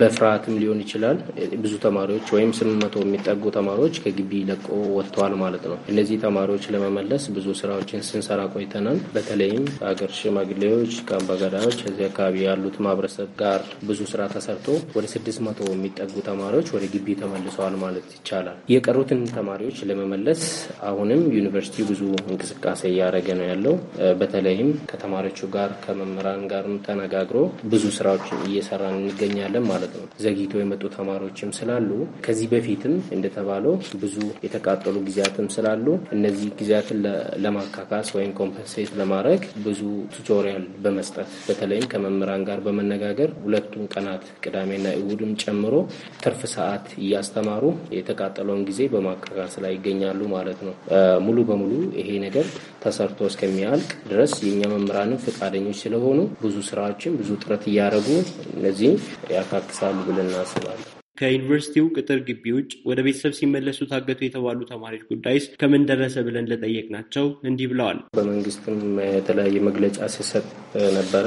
በፍርሃትም ሊሆን ይችላል ብዙ ተማሪዎች ወይም ስምንት መቶ የሚጠጉ ተማሪዎች ከግቢ ለቆ ወጥተዋል ማለት ነው። እነዚህ ተማሪዎች ለመመለስ ብዙ ስራዎችን ስንሰራ ቆይተናል። በተለይም ከሀገር ሽማግሌዎች፣ ከአምባገዳዮች እዚህ አካባቢ ያሉት ማህበረሰብ ጋር ብዙ ስራ ተሰርቶ ወደ ስድስት መቶ የሚጠጉ ተማሪዎች ወደ ግቢ ተመልሰዋል ማለት ይቻላል። የቀሩትን ተማሪዎች ለመመለስ አሁንም ዩኒቨርሲቲ ብዙ እንቅስቃሴ እያደረገ ነው ያለው። በተለይም ከተማሪዎቹ ጋር ከመምህራን ጋርም ተነጋግሮ ብዙ ስራዎች እየሰራን እንገኛለን ማለት ነው። ዘግይቶ የመጡ ተማሪዎችም ስላሉ ከዚህ በፊትም እንደተባለው ብዙ የተቃጠሉ ጊዜያትም ስላሉ እነዚህ ጊዜያትን ለማካካስ ወይም ኮምፐንሴት ለማድረግ ብዙ ቱቶሪያል በመስጠት በተለይም ከመምህራን ጋር በመነጋገር ሁለቱን ቀናት ቅዳሜና እሁድም ጨምሮ ትርፍ ሰዓት እያስተማሩ የተቃጠለውን ጊዜ በማካካስ ላይ ይገኛሉ ማለት ነው። ሙሉ በሙሉ ይሄ ነገር ተሰርቶ እስከሚያልቅ ድረስ የኛ መምህራንም ፈቃደኞች ስለሆኑ ብዙ ስራዎችን ብዙ ጥረት እያደረጉ እነዚህ ያካክሳሉ ብለን እናስባለን። ከዩኒቨርሲቲው ቅጥር ግቢ ውጭ ወደ ቤተሰብ ሲመለሱ ታገቱ የተባሉ ተማሪዎች ጉዳይስ ከምን ደረሰ ብለን ለጠየቅናቸው እንዲህ ብለዋል። በመንግስትም የተለያየ መግለጫ ሲሰጥ ነበረ።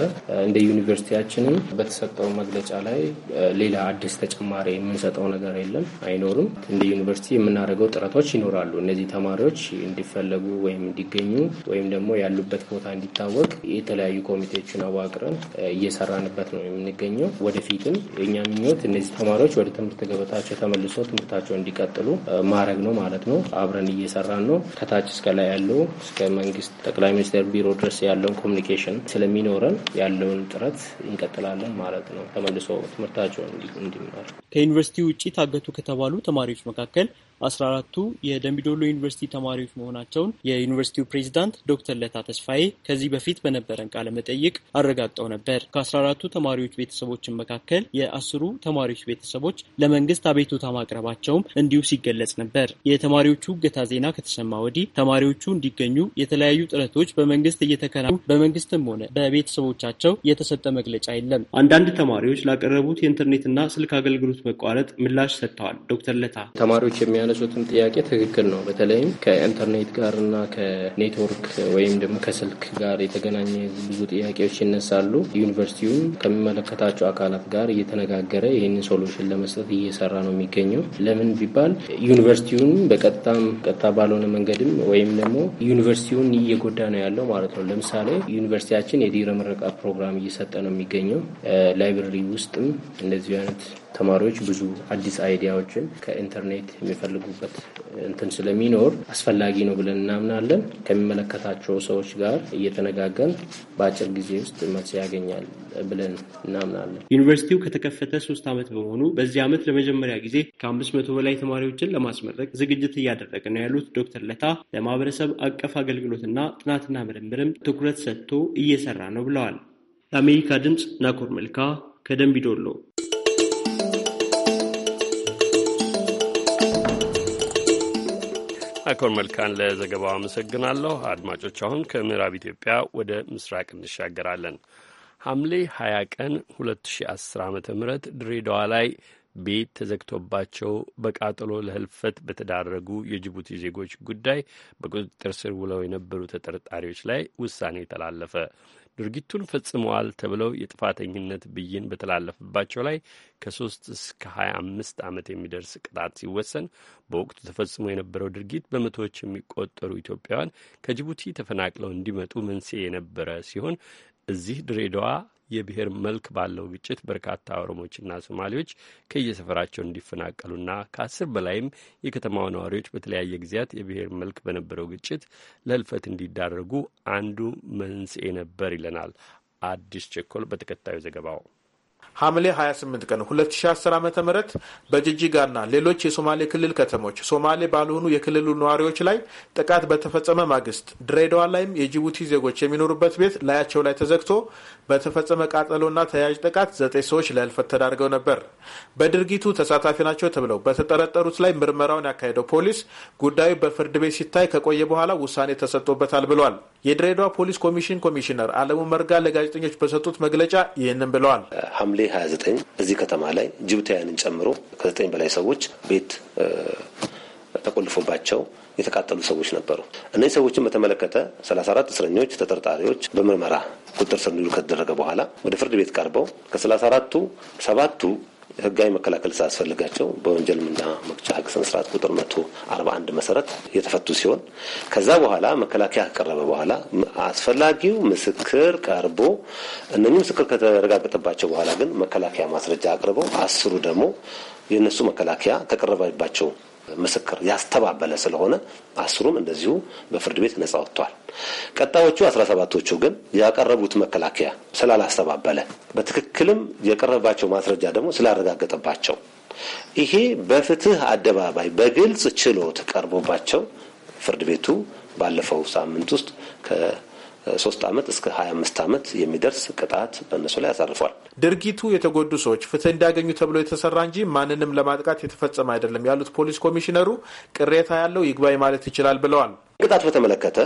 እንደ ዩኒቨርሲቲያችንም በተሰጠው መግለጫ ላይ ሌላ አዲስ ተጨማሪ የምንሰጠው ነገር የለም፣ አይኖርም። እንደ ዩኒቨርሲቲ የምናደርገው ጥረቶች ይኖራሉ። እነዚህ ተማሪዎች እንዲፈለጉ ወይም እንዲገኙ ወይም ደግሞ ያሉበት ቦታ እንዲታወቅ የተለያዩ ኮሚቴዎችን አዋቅረን እየሰራንበት ነው የምንገኘው። ወደፊትም የእኛ ምኞት እነዚህ ተማሪዎች ወደ ከትምህርት ገበታቸው ተመልሶ ትምህርታቸው እንዲቀጥሉ ማድረግ ነው ማለት ነው። አብረን እየሰራን ነው። ከታች እስከ ላይ ያለው እስከ መንግስት ጠቅላይ ሚኒስትር ቢሮ ድረስ ያለውን ኮሚኒኬሽን ስለሚኖረን ያለውን ጥረት እንቀጥላለን ማለት ነው። ተመልሶ ትምህርታቸውን እንዲማር ከዩኒቨርሲቲ ውጭ ታገቱ ከተባሉ ተማሪዎች መካከል አስራ አራቱ የደምቢዶሎ ዩኒቨርሲቲ ተማሪዎች መሆናቸውን የዩኒቨርሲቲው ፕሬዚዳንት ዶክተር ለታ ተስፋዬ ከዚህ በፊት በነበረን ቃለ መጠይቅ አረጋግጠው ነበር። ከአስራ አራቱ ተማሪዎች ቤተሰቦችን መካከል የአስሩ ተማሪዎች ቤተሰቦች ለመንግስት አቤቱታ ማቅረባቸውም እንዲሁ ሲገለጽ ነበር። የተማሪዎቹ እገታ ዜና ከተሰማ ወዲህ ተማሪዎቹ እንዲገኙ የተለያዩ ጥረቶች በመንግስት እየተከናወኑ በመንግስትም ሆነ በቤተሰቦቻቸው የተሰጠ መግለጫ የለም። አንዳንድ ተማሪዎች ላቀረቡት የኢንተርኔትና ስልክ አገልግሎት መቋረጥ ምላሽ ሰጥተዋል። ዶክተር ለታ ተማሪዎች የሚያ የተመለሱትም ጥያቄ ትክክል ነው። በተለይም ከኢንተርኔት ጋርና ከኔትወርክ ወይም ደግሞ ከስልክ ጋር የተገናኘ ብዙ ጥያቄዎች ይነሳሉ። ዩኒቨርሲቲውም ከሚመለከታቸው አካላት ጋር እየተነጋገረ ይህንን ሶሉሽን ለመስጠት እየሰራ ነው የሚገኘው። ለምን ቢባል ዩኒቨርሲቲውን በቀጥታም ቀጥታ ባልሆነ መንገድም ወይም ደግሞ ዩኒቨርሲቲውን እየጎዳ ነው ያለው ማለት ነው። ለምሳሌ ዩኒቨርሲቲያችን የድህረ ምረቃ ፕሮግራም እየሰጠ ነው የሚገኘው። ላይብረሪ ውስጥም እንደዚህ አይነት ተማሪዎች ብዙ አዲስ አይዲያዎችን ከኢንተርኔት የሚፈልጉበት እንትን ስለሚኖር አስፈላጊ ነው ብለን እናምናለን። ከሚመለከታቸው ሰዎች ጋር እየተነጋገን በአጭር ጊዜ ውስጥ መልስ ያገኛል ብለን እናምናለን። ዩኒቨርሲቲው ከተከፈተ ሶስት ዓመት በመሆኑ በዚህ ዓመት ለመጀመሪያ ጊዜ ከአምስት መቶ በላይ ተማሪዎችን ለማስመረቅ ዝግጅት እያደረገ ነው ያሉት ዶክተር ለታ ለማህበረሰብ አቀፍ አገልግሎትና ጥናትና ምርምርም ትኩረት ሰጥቶ እየሰራ ነው ብለዋል። ለአሜሪካ ድምፅ ናኮር መልካ ከደንቢ ዶሎ አኮር መልካን ለዘገባው አመሰግናለሁ። አድማጮች አሁን ከምዕራብ ኢትዮጵያ ወደ ምስራቅ እንሻገራለን። ሐምሌ 20 ቀን 2010 ዓ ም ድሬዳዋ ላይ ቤት ተዘግቶባቸው በቃጠሎ ለህልፈት በተዳረጉ የጅቡቲ ዜጎች ጉዳይ በቁጥጥር ስር ውለው የነበሩ ተጠርጣሪዎች ላይ ውሳኔ ተላለፈ። ድርጊቱን ፈጽመዋል ተብለው የጥፋተኝነት ብይን በተላለፈባቸው ላይ ከሶስት እስከ ሀያ አምስት ዓመት የሚደርስ ቅጣት ሲወሰን በወቅቱ ተፈጽሞ የነበረው ድርጊት በመቶዎች የሚቆጠሩ ኢትዮጵያውያን ከጅቡቲ ተፈናቅለው እንዲመጡ መንስኤ የነበረ ሲሆን እዚህ ድሬዳዋ የብሔር መልክ ባለው ግጭት በርካታ ኦሮሞችና ሶማሌዎች ከየሰፈራቸው እንዲፈናቀሉና ከአስር በላይም የከተማው ነዋሪዎች በተለያየ ጊዜያት የብሔር መልክ በነበረው ግጭት ለህልፈት እንዲዳረጉ አንዱ መንስኤ ነበር ይለናል አዲስ ቸኮል በተከታዩ ዘገባው። ሐምሌ 28 ቀን 2010 ዓ ም በጅጅጋና ሌሎች የሶማሌ ክልል ከተሞች ሶማሌ ባልሆኑ የክልሉ ነዋሪዎች ላይ ጥቃት በተፈጸመ ማግስት ድሬዳዋ ላይም የጅቡቲ ዜጎች የሚኖሩበት ቤት ላያቸው ላይ ተዘግቶ በተፈጸመ ቃጠሎና ተያያዥ ጥቃት ዘጠኝ ሰዎች ለህልፈት ተዳርገው ነበር። በድርጊቱ ተሳታፊ ናቸው ተብለው በተጠረጠሩት ላይ ምርመራውን ያካሄደው ፖሊስ ጉዳዩ በፍርድ ቤት ሲታይ ከቆየ በኋላ ውሳኔ ተሰጥቶበታል ብሏል። የድሬዳዋ ፖሊስ ኮሚሽን ኮሚሽነር አለሙ መርጋ ለጋዜጠኞች በሰጡት መግለጫ ይህንን ብለዋል። ሐምሌ 29 እዚህ ከተማ ላይ ጅቡቲያንን ጨምሮ ከዘጠኝ በላይ ሰዎች ቤት ተቆልፎባቸው የተቃጠሉ ሰዎች ነበሩ። እነዚህ ሰዎችን በተመለከተ 34 እስረኞች ተጠርጣሪዎች በምርመራ ቁጥጥር ስር እንዲውሉ ከተደረገ በኋላ ወደ ፍርድ ቤት ቀርበው ከ34ቱ ሰባቱ ህጋዊ መከላከል ሳያስፈልጋቸው በወንጀል ምና መቅጫ ስነ ስርዓት ቁጥር መቶ አርባ አንድ መሰረት የተፈቱ ሲሆን ከዛ በኋላ መከላከያ ከቀረበ በኋላ አስፈላጊው ምስክር ቀርቦ እነኚህ ምስክር ከተረጋገጠባቸው በኋላ ግን መከላከያ ማስረጃ አቅርበው አስሩ ደግሞ የእነሱ መከላከያ ተቀረበባቸው ምስክር ያስተባበለ ስለሆነ አስሩም እንደዚሁ በፍርድ ቤት ነጻ ወጥቷል። ቀጣዮቹ አስራ ሰባቶቹ ግን ያቀረቡት መከላከያ ስላላስተባበለ በትክክልም የቀረባቸው ማስረጃ ደግሞ ስላረጋገጠባቸው ይሄ በፍትህ አደባባይ በግልጽ ችሎት ቀርቦባቸው ፍርድ ቤቱ ባለፈው ሳምንት ውስጥ ሶስት ዓመት እስከ 25 ዓመት የሚደርስ ቅጣት በእነሱ ላይ አሳርፏል። ድርጊቱ የተጎዱ ሰዎች ፍትህ እንዲያገኙ ተብሎ የተሰራ እንጂ ማንንም ለማጥቃት የተፈጸመ አይደለም ያሉት ፖሊስ ኮሚሽነሩ ቅሬታ ያለው ይግባኝ ማለት ይችላል ብለዋል። ቅጣት በተመለከተ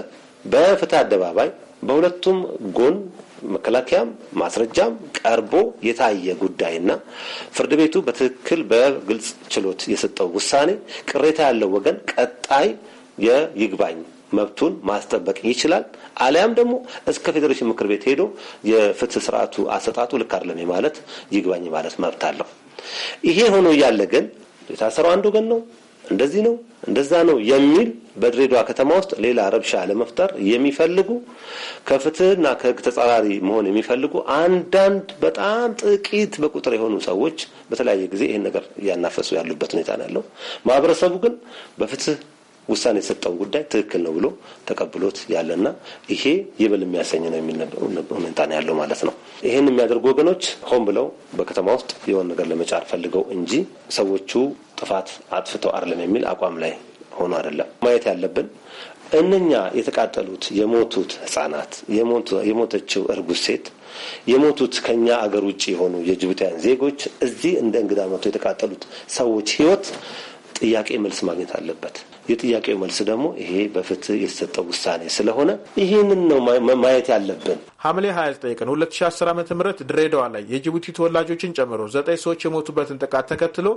በፍትህ አደባባይ በሁለቱም ጎን መከላከያም ማስረጃም ቀርቦ የታየ ጉዳይና ፍርድ ቤቱ በትክክል በግልጽ ችሎት የሰጠው ውሳኔ ቅሬታ ያለው ወገን ቀጣይ የይግባኝ መብቱን ማስጠበቅ ይችላል። አሊያም ደግሞ እስከ ፌዴሬሽን ምክር ቤት ሄዶ የፍትህ ስርዓቱ አሰጣጡ ልክ አይደለም ማለት ይግባኝ ማለት መብት አለው። ይሄ ሆኖ እያለ ግን የታሰረው አንድ ወገን ነው እንደዚህ ነው እንደዛ ነው የሚል በድሬዳዋ ከተማ ውስጥ ሌላ ረብሻ ለመፍጠር የሚፈልጉ ከፍትህና ከህግ ተጻራሪ መሆን የሚፈልጉ አንዳንድ በጣም ጥቂት በቁጥር የሆኑ ሰዎች በተለያየ ጊዜ ይህን ነገር እያናፈሱ ያሉበት ሁኔታ ነው ያለው። ማህበረሰቡ ግን በፍትህ ውሳኔ የሰጠውን ጉዳይ ትክክል ነው ብሎ ተቀብሎት ያለና ይሄ ይበል የሚያሰኝ ነው የሚል ሁኔታ ነው ያለው ማለት ነው። ይህን የሚያደርጉ ወገኖች ሆን ብለው በከተማ ውስጥ የሆን ነገር ለመጫር ፈልገው እንጂ ሰዎቹ ጥፋት አጥፍተው አይደለም የሚል አቋም ላይ ሆኖ አይደለም ማየት ያለብን። እነኛ የተቃጠሉት የሞቱት ህጻናት፣ የሞተችው እርጉዝ ሴት፣ የሞቱት ከኛ አገር ውጭ የሆኑ የጅቡቲያን ዜጎች እዚህ እንደ እንግዳ መቶ የተቃጠሉት ሰዎች ህይወት ጥያቄ መልስ ማግኘት አለበት። የጥያቄው መልስ ደግሞ ይሄ በፍትህ የተሰጠው ውሳኔ ስለሆነ ይህንን ነው ማየት ያለብን። ሐምሌ 29 ቀን 2010 ዓ ም ድሬዳዋ ላይ የጅቡቲ ተወላጆችን ጨምሮ ዘጠኝ ሰዎች የሞቱበትን ጥቃት ተከትሎ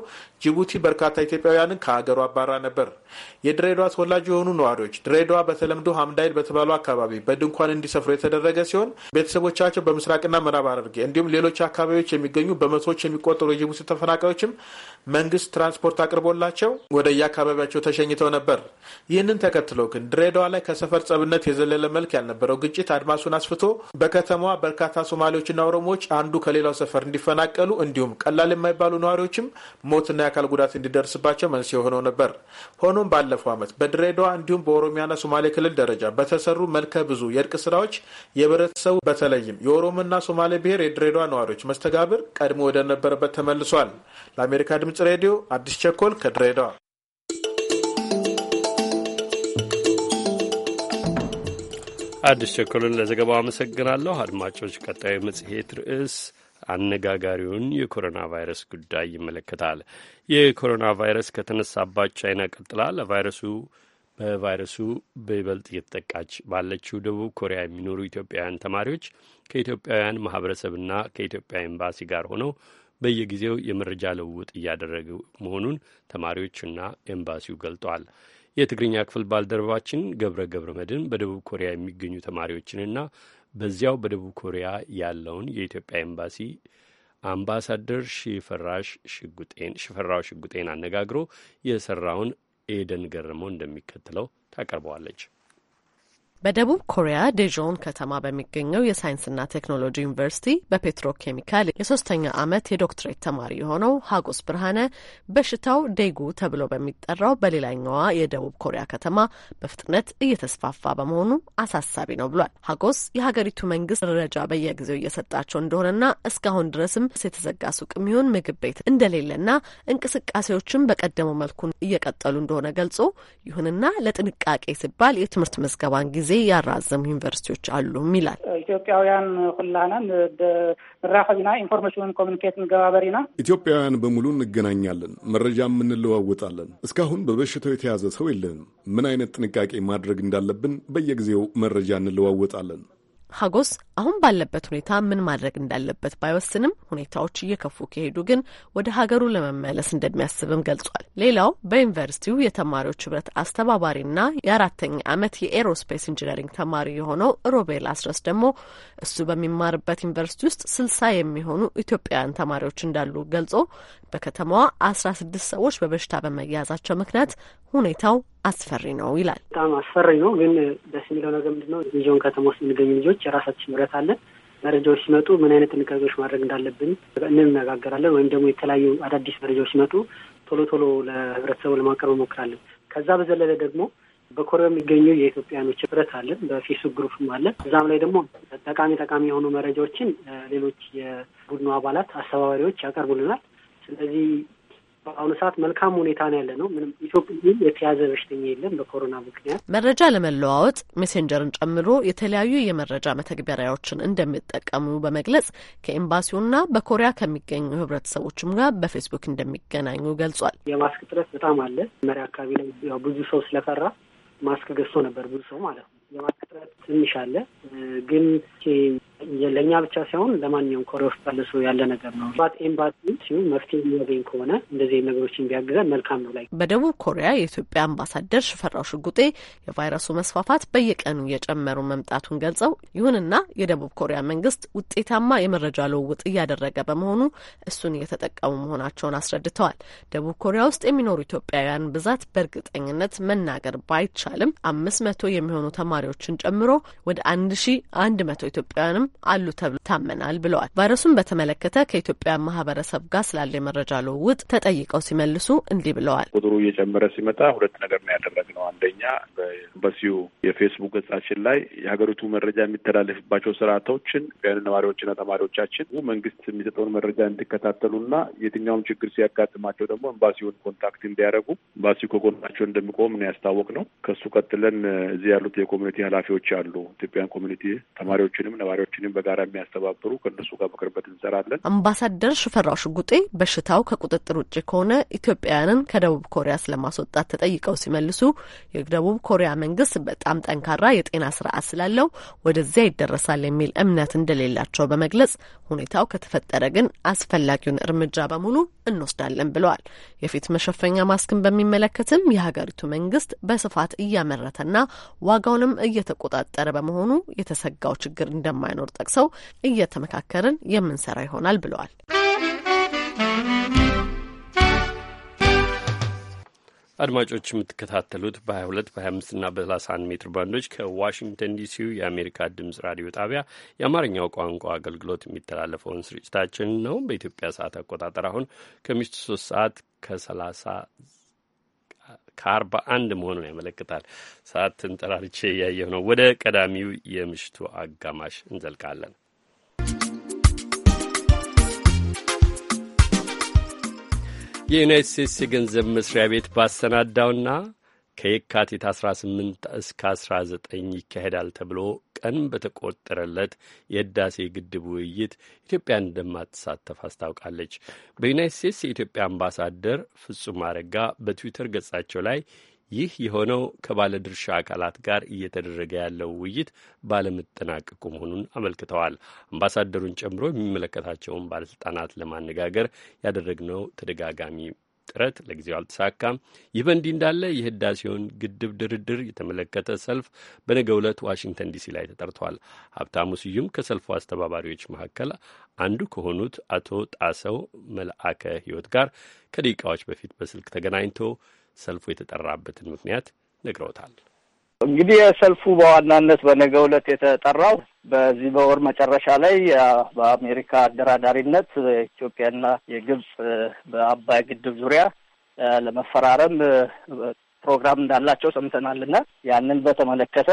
ጅቡቲ በርካታ ኢትዮጵያውያንን ከሀገሩ አባራ ነበር። የድሬዳዋ ተወላጅ የሆኑ ነዋሪዎች ድሬዳዋ በተለምዶ ሀምዳይል በተባሉ አካባቢ በድንኳን እንዲሰፍሩ የተደረገ ሲሆን ቤተሰቦቻቸው በምስራቅና ምዕራብ ሐረርጌ እንዲሁም ሌሎች አካባቢዎች የሚገኙ በመቶዎች የሚቆጠሩ የጅቡቲ ተፈናቃዮችም መንግስት ትራንስፖርት አቅርቦላቸው ወደ የአካባቢያቸው ተሸኝተው ነበር። ይህንን ተከትሎ ግን ድሬዳዋ ላይ ከሰፈር ጸብነት የዘለለ መልክ ያልነበረው ግጭት አድማሱን አስፍቶ በከተማዋ በርካታ ሶማሌዎችና ኦሮሞዎች አንዱ ከሌላው ሰፈር እንዲፈናቀሉ እንዲሁም ቀላል የማይባሉ ነዋሪዎችም ሞትና የአካል ጉዳት እንዲደርስባቸው መንስኤ ሆነው ነበር። ሆኖም ባለፈው ዓመት በድሬዳዋ እንዲሁም በኦሮሚያና ሶማሌ ክልል ደረጃ በተሰሩ መልከ ብዙ የእርቅ ስራዎች የህብረተሰቡ በተለይም የኦሮሞና ሶማሌ ብሔር የድሬዳዋ ነዋሪዎች መስተጋብር ቀድሞ ወደነበረበት ተመልሷል። ለአሜሪካ ድምጽ ሬዲዮ አዲስ ቸኮል ከድሬዳዋ አዲስ ቸኮልን ለዘገባው አመሰግናለሁ። አድማጮች፣ ቀጣዩ መጽሔት ርዕስ አነጋጋሪውን የኮሮና ቫይረስ ጉዳይ ይመለከታል። የኮሮና ቫይረስ ከተነሳባት ቻይና ቀጥላ ለቫይረሱ በቫይረሱ በይበልጥ እየተጠቃች ባለችው ደቡብ ኮሪያ የሚኖሩ ኢትዮጵያውያን ተማሪዎች ከኢትዮጵያውያን ማህበረሰብና ከኢትዮጵያ ኤምባሲ ጋር ሆነው በየጊዜው የመረጃ ልውውጥ እያደረጉ መሆኑን ተማሪዎችና ኤምባሲው ገልጠዋል። የትግርኛ ክፍል ባልደረባችን ገብረ ገብረ መድን በደቡብ ኮሪያ የሚገኙ ተማሪዎችንና በዚያው በደቡብ ኮሪያ ያለውን የኢትዮጵያ ኤምባሲ አምባሳደር ሽፈራሽ ሽጉጤን ሽፈራው ሽጉጤን አነጋግሮ የሰራውን ኤደን ገረመው እንደሚከተለው ታቀርበዋለች። በደቡብ ኮሪያ ዴጆን ከተማ በሚገኘው የሳይንስና ቴክኖሎጂ ዩኒቨርሲቲ በፔትሮኬሚካል የሶስተኛ ዓመት የዶክትሬት ተማሪ የሆነው ሀጎስ ብርሃነ በሽታው ዴጉ ተብሎ በሚጠራው በሌላኛዋ የደቡብ ኮሪያ ከተማ በፍጥነት እየተስፋፋ በመሆኑ አሳሳቢ ነው ብሏል። ሀጎስ የሀገሪቱ መንግስት ደረጃ በየጊዜው እየሰጣቸው እንደሆነና እስካሁን ድረስም የተዘጋ ሱቅ የሚሆን ምግብ ቤት እንደሌለና እንቅስቃሴዎችም በቀደመው መልኩ እየቀጠሉ እንደሆነ ገልጾ ይሁንና ለጥንቃቄ ሲባል የትምህርት ምዝገባን ጊዜ ያራዘሙ ዩኒቨርሲቲዎች አሉም ይላል። ኢትዮጵያውያን ሁላነን ራኸቢና ኢንፎርሜሽን ኮሚኒኬት ንገባበሪና ኢትዮጵያውያን በሙሉ እንገናኛለን፣ መረጃም እንለዋወጣለን። እስካሁን በበሽታው የተያዘ ሰው የለንም። ምን አይነት ጥንቃቄ ማድረግ እንዳለብን በየጊዜው መረጃ እንለዋወጣለን። ሀጎስ አሁን ባለበት ሁኔታ ምን ማድረግ እንዳለበት ባይወስንም ሁኔታዎች እየከፉ ከሄዱ ግን ወደ ሀገሩ ለመመለስ እንደሚያስብም ገልጿል። ሌላው በዩኒቨርሲቲው የተማሪዎች ህብረት አስተባባሪና የአራተኛ ዓመት የኤሮስፔስ ኢንጂነሪንግ ተማሪ የሆነው ሮቤል አስረስ ደግሞ እሱ በሚማርበት ዩኒቨርሲቲ ውስጥ ስልሳ የሚሆኑ ኢትዮጵያውያን ተማሪዎች እንዳሉ ገልጾ በከተማዋ አስራ ስድስት ሰዎች በበሽታ በመያዛቸው ምክንያት ሁኔታው አስፈሪ ነው ይላል። በጣም አስፈሪ ነው። ግን ደስ የሚለው ነገር ምንድነው? ሚዚዮን ከተማ ውስጥ የሚገኙ ልጆች የራሳችን ህብረት አለን። መረጃዎች ሲመጡ ምን አይነት ጥንቃቄዎች ማድረግ እንዳለብን እንነጋገራለን። ወይም ደግሞ የተለያዩ አዳዲስ መረጃዎች ሲመጡ ቶሎ ቶሎ ለህብረተሰቡ ለማቅረብ እንሞክራለን። ከዛ በዘለለ ደግሞ በኮሪያ የሚገኙ የኢትዮጵያኖች ህብረት አለን። በፌስቡክ ግሩፕም አለን። እዛም ላይ ደግሞ ጠቃሚ ጠቃሚ የሆኑ መረጃዎችን ሌሎች የቡድኑ አባላት አስተባባሪዎች ያቀርቡልናል። ስለዚህ በአሁኑ ሰዓት መልካም ሁኔታ ነው ያለ ነው። ምንም ኢትዮጵያ የተያዘ በሽተኛ የለም በኮሮና ምክንያት። መረጃ ለመለዋወጥ ሜሴንጀርን ጨምሮ የተለያዩ የመረጃ መተግበሪያዎችን እንደሚጠቀሙ በመግለጽ ከኤምባሲውና በኮሪያ ከሚገኙ ህብረተሰቦችም ጋር በፌስቡክ እንደሚገናኙ ገልጿል። የማስክ ጥረት በጣም አለ። መሪ አካባቢ ላይ ያው ብዙ ሰው ስለፈራ ማስክ ገዝቶ ነበር ብዙ ሰው ማለት ነው። የማስክ ጥረት ትንሽ አለ ግን ለእኛ ብቻ ሳይሆን ለማንኛውም ኮሪያ ውስጥ ጠልሶ ያለ ነገር ነው። ባት ኤምባሲ ሲሆን መፍትሄ የሚያገኝ ከሆነ እንደዚህ ነገሮችን ቢያግዘን መልካም ነው። ላይ በደቡብ ኮሪያ የኢትዮጵያ አምባሳደር ሽፈራው ሽጉጤ የቫይረሱ መስፋፋት በየቀኑ እየጨመሩ መምጣቱን ገልጸው፣ ይሁንና የደቡብ ኮሪያ መንግስት ውጤታማ የመረጃ ልውውጥ እያደረገ በመሆኑ እሱን እየተጠቀሙ መሆናቸውን አስረድተዋል። ደቡብ ኮሪያ ውስጥ የሚኖሩ ኢትዮጵያውያን ብዛት በእርግጠኝነት መናገር ባይቻልም አምስት መቶ የሚሆኑ ተማሪዎችን ጨምሮ ወደ አንድ ሺ አንድ መቶ ኢትዮጵያውያንም አሉ ተብሎ ይታመናል ብለዋል። ቫይረሱን በተመለከተ ከኢትዮጵያ ማህበረሰብ ጋር ስላለ የመረጃ ልውውጥ ተጠይቀው ሲመልሱ እንዲህ ብለዋል። ቁጥሩ እየጨመረ ሲመጣ ሁለት ነገር ነው ያደረግነው። አንደኛ በኤምባሲው የፌስቡክ ገጻችን ላይ የሀገሪቱ መረጃ የሚተላለፍባቸው ስርዓቶችን ያን ነዋሪዎችና ተማሪዎቻችን መንግስት የሚሰጠውን መረጃ እንዲከታተሉና የትኛውም ችግር ሲያጋጥማቸው ደግሞ ኤምባሲውን ኮንታክት እንዲያደርጉ ኤምባሲው ከጎናቸው እንደሚቆም ነው ያስታወቅ ነው። ከሱ ቀጥለን እዚህ ያሉት የኮሚኒቲ ኃላፊዎች አሉ ኢትዮጵያን ኮሚኒቲ ተማሪዎችንም ነዋሪዎች ስራዎችንም በጋራ የሚያስተባብሩ ከእነሱ ጋር በቅርበት እንሰራለን። አምባሳደር ሽፈራው ሽጉጤ በሽታው ከቁጥጥር ውጭ ከሆነ ኢትዮጵያውያንን ከደቡብ ኮሪያ ስለማስወጣት ተጠይቀው ሲመልሱ የደቡብ ኮሪያ መንግስት በጣም ጠንካራ የጤና ስርዓት ስላለው ወደዚያ ይደረሳል የሚል እምነት እንደሌላቸው በመግለጽ ሁኔታው ከተፈጠረ ግን አስፈላጊውን እርምጃ በሙሉ እንወስዳለን ብለዋል። የፊት መሸፈኛ ማስክን በሚመለከትም የሀገሪቱ መንግስት በስፋት እያመረተና ዋጋውንም እየተቆጣጠረ በመሆኑ የተሰጋው ችግር እንደማይኖር መኖር ጠቅሰው እየተመካከርን የምንሰራ ይሆናል ብለዋል። አድማጮች የምትከታተሉት በ22 በ25 እና በ31 ሜትር ባንዶች ከዋሽንግተን ዲሲው የአሜሪካ ድምጽ ራዲዮ ጣቢያ የአማርኛው ቋንቋ አገልግሎት የሚተላለፈውን ስርጭታችን ነው። በኢትዮጵያ ሰዓት አቆጣጠር አሁን ከምሽቱ 3 ሰዓት ከ30 ከአርባ አንድ መሆኑን ያመለክታል። ሰዓትን ጠራርቼ እያየሁ ነው። ወደ ቀዳሚው የምሽቱ አጋማሽ እንዘልቃለን። የዩናይት ስቴትስ የገንዘብ መስሪያ ቤት ባሰናዳውና ከየካቲት 18 እስከ 19 ይካሄዳል ተብሎ ቀን በተቆጠረለት የህዳሴ ግድብ ውይይት ኢትዮጵያ እንደማትሳተፍ አስታውቃለች። በዩናይት ስቴትስ የኢትዮጵያ አምባሳደር ፍጹም አረጋ በትዊተር ገጻቸው ላይ ይህ የሆነው ከባለድርሻ አካላት ጋር እየተደረገ ያለው ውይይት ባለመጠናቀቁ መሆኑን አመልክተዋል። አምባሳደሩን ጨምሮ የሚመለከታቸውን ባለስልጣናት ለማነጋገር ያደረግነው ተደጋጋሚ ጥረት ለጊዜው አልተሳካም። ይህ በእንዲህ እንዳለ የህዳሴውን ግድብ ድርድር የተመለከተ ሰልፍ በነገ ዕለት ዋሽንግተን ዲሲ ላይ ተጠርቷል። ሀብታሙ ስዩም ከሰልፉ አስተባባሪዎች መካከል አንዱ ከሆኑት አቶ ጣሰው መልአከ ህይወት ጋር ከደቂቃዎች በፊት በስልክ ተገናኝቶ ሰልፉ የተጠራበትን ምክንያት ነግረውታል። እንግዲህ የሰልፉ በዋናነት በነገ ዕለት የተጠራው በዚህ በወር መጨረሻ ላይ በአሜሪካ አደራዳሪነት ኢትዮጵያና የግብጽ በአባይ ግድብ ዙሪያ ለመፈራረም ፕሮግራም እንዳላቸው ሰምተናልና ያንን በተመለከተ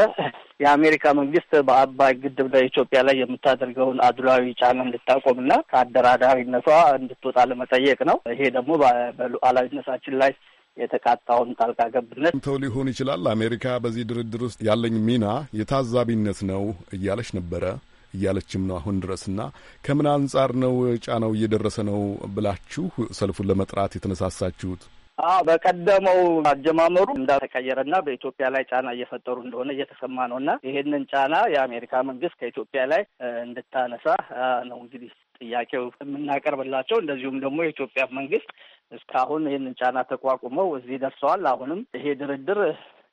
የአሜሪካ መንግስት በአባይ ግድብ በኢትዮጵያ ላይ የምታደርገውን አድሏዊ ጫና እንድታቆምና ከአደራዳሪነቷ እንድትወጣ ለመጠየቅ ነው። ይሄ ደግሞ በሉዓላዊነታችን ላይ የተቃጣውን ጣልቃ ገብነት ተው ሊሆን ይችላል። አሜሪካ በዚህ ድርድር ውስጥ ያለኝ ሚና የታዛቢነት ነው እያለች ነበረ እያለችም ነው አሁን ድረስና ከምን አንጻር ነው ጫናው እየደረሰ ነው ብላችሁ ሰልፉን ለመጥራት የተነሳሳችሁት? አዎ በቀደመው አጀማመሩ እንዳልተቀየረና በኢትዮጵያ ላይ ጫና እየፈጠሩ እንደሆነ እየተሰማ ነው እና ይሄንን ጫና የአሜሪካ መንግስት ከኢትዮጵያ ላይ እንድታነሳ ነው እንግዲህ ጥያቄው የምናቀርብላቸው እንደዚሁም ደግሞ የኢትዮጵያ መንግስት እስካሁን ይህንን ጫና ተቋቁመው እዚህ ደርሰዋል። አሁንም ይሄ ድርድር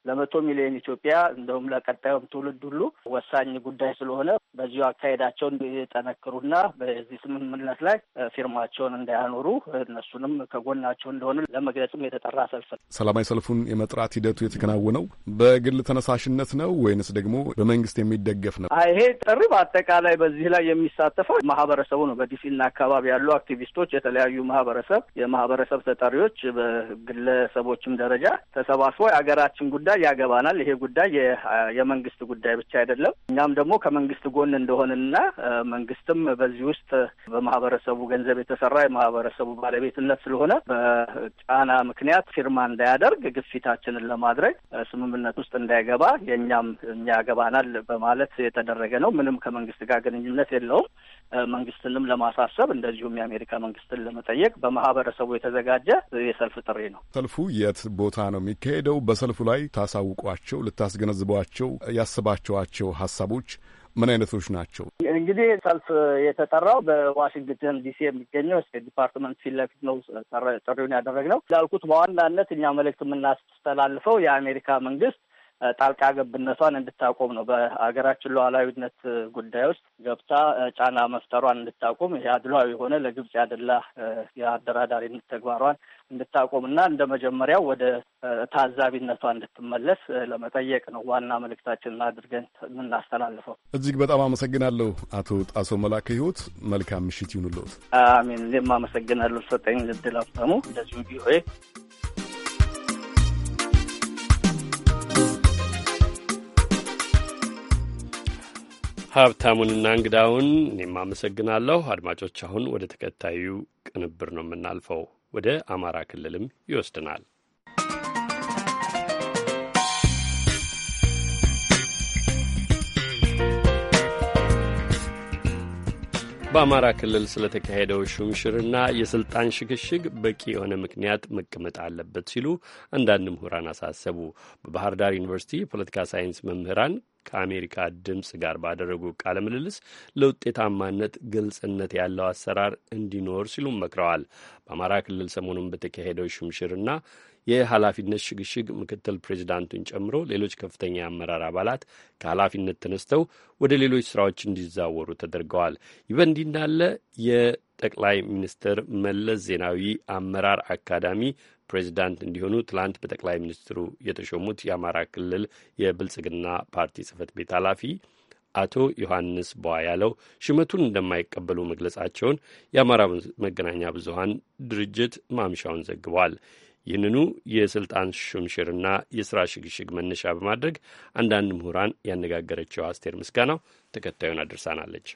ለመቶ ሚሊዮን ኢትዮጵያ እንደውም ለቀጣዩም ትውልድ ሁሉ ወሳኝ ጉዳይ ስለሆነ በዚሁ አካሄዳቸውን እንዲጠነክሩና በዚህ ስምምነት ላይ ፊርማቸውን እንዳያኖሩ እነሱንም ከጎናቸው እንደሆነ ለመግለጽም የተጠራ ሰልፍ ነው። ሰላማዊ ሰልፉን የመጥራት ሂደቱ የተከናወነው በግል ተነሳሽነት ነው ወይንስ ደግሞ በመንግስት የሚደገፍ ነው? ይሄ ጥሪ በአጠቃላይ በዚህ ላይ የሚሳተፈው ማህበረሰቡ ነው። በዲሲና አካባቢ ያሉ አክቲቪስቶች፣ የተለያዩ ማህበረሰብ የማህበረሰብ ተጠሪዎች፣ በግለሰቦችም ደረጃ ተሰባስበው የሀገራችን ጉዳይ ጉዳይ ያገባናል። ይሄ ጉዳይ የመንግስት ጉዳይ ብቻ አይደለም። እኛም ደግሞ ከመንግስት ጎን እንደሆንና መንግስትም በዚህ ውስጥ በማህበረሰቡ ገንዘብ የተሰራ የማህበረሰቡ ባለቤትነት ስለሆነ በጫና ምክንያት ፊርማ እንዳያደርግ ግፊታችንን ለማድረግ ስምምነት ውስጥ እንዳይገባ የእኛም እኛ ያገባናል በማለት የተደረገ ነው። ምንም ከመንግስት ጋር ግንኙነት የለውም። መንግስትንም ለማሳሰብ እንደዚሁም የአሜሪካ መንግስትን ለመጠየቅ በማህበረሰቡ የተዘጋጀ የሰልፍ ጥሪ ነው። ሰልፉ የት ቦታ ነው የሚካሄደው? በሰልፉ ላይ ልታሳውቋቸው፣ ልታስገነዝቧቸው ያስባቸዋቸው ሀሳቦች ምን አይነቶች ናቸው? እንግዲህ ሰልፍ የተጠራው በዋሽንግተን ዲሲ የሚገኘው ስቴት ዲፓርትመንት ፊት ለፊት ነው ጥሪውን ያደረግነው። ላልኩት በዋናነት እኛ መልእክት የምናስተላልፈው የአሜሪካ መንግስት ጣልቃ ገብነቷን እንድታቆም ነው። በሀገራችን ሉዓላዊነት ጉዳይ ውስጥ ገብታ ጫና መፍጠሯን እንድታቆም ይሄ አድሏዊ የሆነ ለግብጽ ያደላ የአደራዳሪነት ተግባሯን እንድታቆም እና እንደ መጀመሪያው ወደ ታዛቢነቷ እንድትመለስ ለመጠየቅ ነው ዋና መልእክታችንን አድርገን የምናስተላልፈው። እጅግ በጣም አመሰግናለሁ አቶ ጣሶ መላከ ህይወት፣ መልካም ምሽት ይሁንልዎት። አሚን። እኔም አመሰግናለሁ ሰጠኝ እድል እንደዚሁ ቪኦኤ ሀብታሙንና እንግዳውን እኔም አመሰግናለሁ። አድማጮች፣ አሁን ወደ ተከታዩ ቅንብር ነው የምናልፈው። ወደ አማራ ክልልም ይወስድናል። በአማራ ክልል ስለተካሄደው ሹምሽርና የስልጣን ሽግሽግ በቂ የሆነ ምክንያት መቀመጥ አለበት ሲሉ አንዳንድ ምሁራን አሳሰቡ። በባህር ዳር ዩኒቨርሲቲ የፖለቲካ ሳይንስ መምህራን ከአሜሪካ ድምፅ ጋር ባደረጉ ቃለ ምልልስ ለውጤታማነት ግልጽነት ያለው አሰራር እንዲኖር ሲሉም መክረዋል። በአማራ ክልል ሰሞኑን በተካሄደው ሹምሽርና የኃላፊነት ሽግሽግ ምክትል ፕሬዚዳንቱን ጨምሮ ሌሎች ከፍተኛ የአመራር አባላት ከኃላፊነት ተነስተው ወደ ሌሎች ስራዎች እንዲዛወሩ ተደርገዋል። ይህ እንዲህ እንዳለ የጠቅላይ ሚኒስትር መለስ ዜናዊ አመራር አካዳሚ ፕሬዚዳንት እንዲሆኑ ትላንት በጠቅላይ ሚኒስትሩ የተሾሙት የአማራ ክልል የብልጽግና ፓርቲ ጽህፈት ቤት ኃላፊ አቶ ዮሐንስ በዋ ያለው ሹመቱን እንደማይቀበሉ መግለጻቸውን የአማራ መገናኛ ብዙሀን ድርጅት ማምሻውን ዘግቧል። ይህንኑ የስልጣን ሹምሽርና የስራ ሽግሽግ መነሻ በማድረግ አንዳንድ ምሁራን ያነጋገረችው አስቴር ምስጋናው ተከታዩን አድርሳናለች።